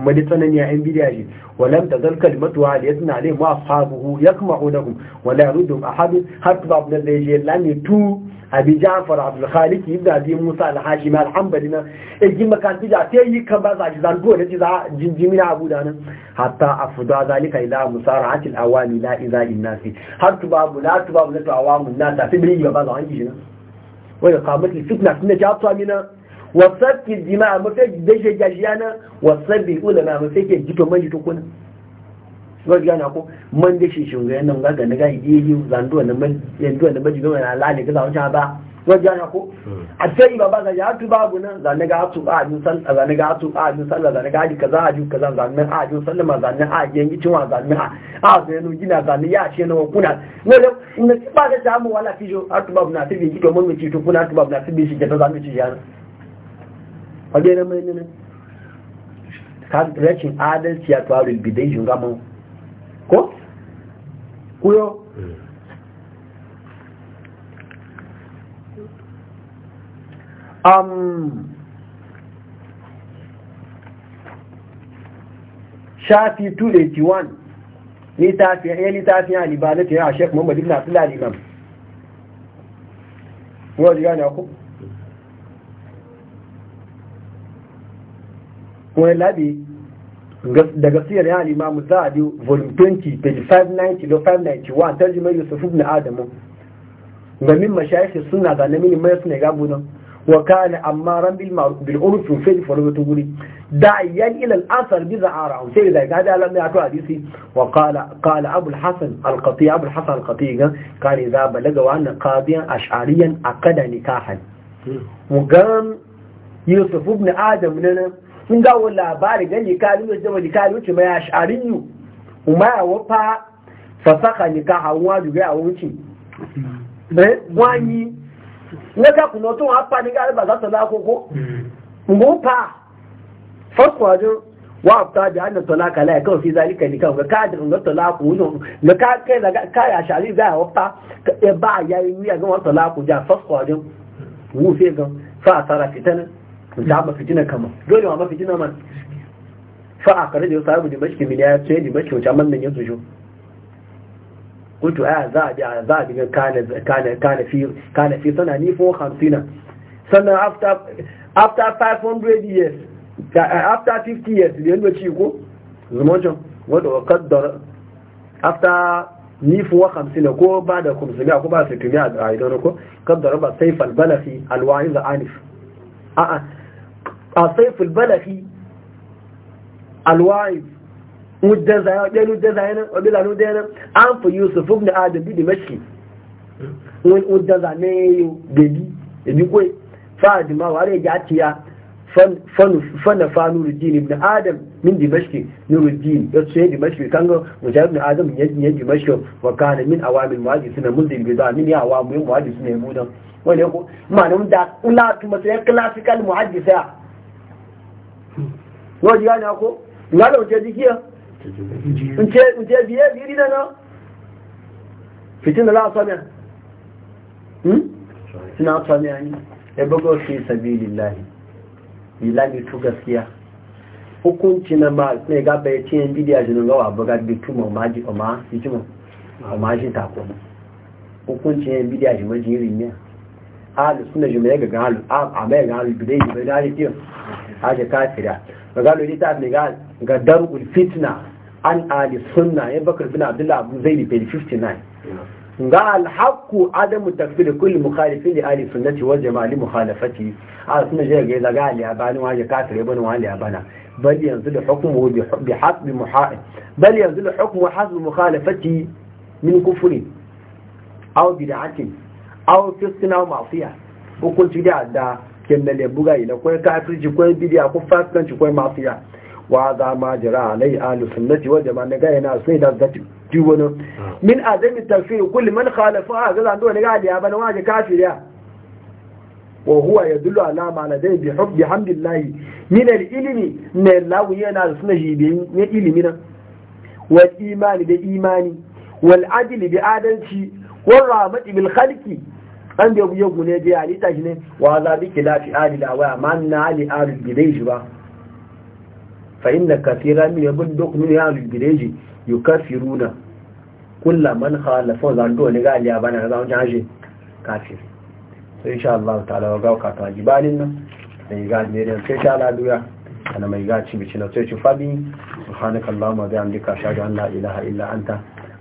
mali tsanani yayin bidiya shi walam tazal kalimatu wa aliyatun alayhi wa ashabuhu yakma'u lahum wa la yurdum ahad hatta ibn al-layli lami tu abi ja'far abdul khaliq ibn abi musa al-hashimi al-hanbali na ejin makanti da te yi kan ba za ji zan go da ji za jinjimi na abu da nan hatta afda zalika ila musara'ati al-awami la iza in-nasi hatta babu la tubabu la tu'awamu an-nas fi bi ba za an ji na Wani kamar al-fitna tunja ta mina zima a mafi da gajiya na wasabi na mafi ke jito mai jito kuna gajiya na ko man da shi shunga yana ga ga na gaji yi zanduwa na man yanduwa na maji gama na alali ga zaunci ba gajiya na ko a sai ba ba zai ya tu babu nan zane ga atu a ajin sallah zane ga atu a ajin sallah zane ga aji kaza aji kaza za na a ajin sallah ma za na a ajin gicin wa za na a a sai no gina zane na ya ce na kuna ne ne ba ga samu wala fijo atu babu na tibi gito mun mi ci to kuna atu babu na tibi shi ga ta za mi ci yana wajen na mai nuna rashin adalci a tuwa rubidai shi gama ko? kuyo um, shafi 281 eh, ya littafin alibanatu ya shek muhammadu na fila liman yau da yana kuma wani labi daga siyar ya limamu za a biyu volume 20 page 590 da 591 tarjima yusuf ibn adamu Gamin mashayashi mashayikhi suna ga na mini mai suna gabu nan wa kana amaran bil ma'ruf bil urf fi farwatu guri da'iyan ila al-asar bi za'ara sai da ga da Allah ato hadisi wa qala qala abu al-hasan al-qati abu al-hasan al-qati ga kare za balaga wa anna qadiyan ash'ariyan aqada nikahan hmm. mu ga yusuf ibn adam nan sun gawo labari ga kari wuce jama jikari wuce mai ashari yi ma ya wafa fasaka nika hawa duga a wuce eh, wani ka kuna tun ni gari ba za ta ko wajen da talaka kawai zalika ka talaku kai da ka ya za ya wafa ba ya yi ya ga wannan talaku ja fasqadin ga fa tara da mu fitina kama dole ma fitina man fa a kare da sabu da bashi miliya ya ce da bashi wata man nan yanzu jo kuntu aya za a biya za a biya kana kana kana fi kana fi sana ni 450 sannan after after 500 years after 50 years da yanzu ci ko zumunci wadda wa kaddara after ni hamsin ko ba da 500 ko ba da tuni a idan ko kaddara ba fi albalafi da anif a'a a saifu balafi alwai wujjen zaya wajen wujjen zaya nan wajen zaya an fi yi su fubni a da mashi wujjen zane ya yi da bi kwai fara jima wa rai ya ce ya fa nuru jini na adam min da mashi nuru jini ya tsaye da mashi kanga wajen na adam ya yi da mashi wa kane min a suna mulzin bai za a min ya wamin mawaji suna yi mudan wani ya ku ma'anin da ulatu masu ya klasikal mawaji saya wajen ti ko, kó ìgbàlọ̀ ń ṣe ti kíyà ń ṣe bí ẹbí rí náà a la samiya suna samiya ni. ya bugo fi sabi lillahi lillahi tu gaskiya hukunci na ma ne gaba ya ciyen bidiyar jinin gawa buga bitu ma maji o ma si jima o ma shi tako hukunci ne bidiyar jima jiri ne ahalu suna jima ya ga galu a mai galu bidai jima ya ga halu fiye a shi kafira ga gano ta ne ga darul fitna an ali sunna ya bakar bin abdullah abu ne page 59 ga alhaku adamu takfir kulli mukhalifin li ali sunnati wal jama'a li mukhalafati a sunna je ga ga ali abani wa ya kafire bane wa ali abana bal yanzu da hukmu bi hasbi muhaid bal yanzu da hukmu hasbi mukhalafati min kufri aw bid'atin aw fitna ma'siyah hukunci da kenda le buga ina ko kafirci kwai bidiya ko fasikanci kwai mafiya wa za ma jira alai ahlus sunnati wal jama'a ne ga yana sai da zati jiwono min azami tafsir kulli man khalafa ga zan do ne ga ya bana waje kafiriya wa huwa yadullu ala ma dai bi hubbi hamdillah min al ilmi ne lawu yana sunna jibi ne ilmi na wal imani bi imani wal adli bi adalci wal rahmati bil khalqi an da yabu yagu ne biya ali shi ne wa za bi lafi ari da waya ma na ali ali gideji ba fa inna kathira min yabun duk min ka gideji na kula man khalafa zan do ne ga ali abana ga wajen haje kafir so insha Allah ta'ala ga ka ta jibalin nan sai ga ne da sai sha la duya ana mai gaci bici na sai ci fabi subhanakallahumma wa bihamdika ashhadu an la ilaha illa anta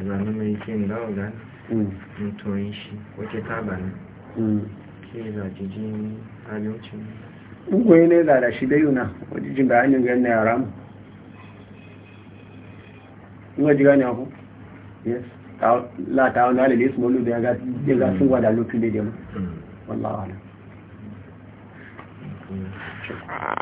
zane mai kin gaugan mutuwan shi wake tabana ke zaji jini abincin ugwai ne da shi da yuna wajijin na yara mu ina ji gane ku yes la ta wani alele su molu da ya ga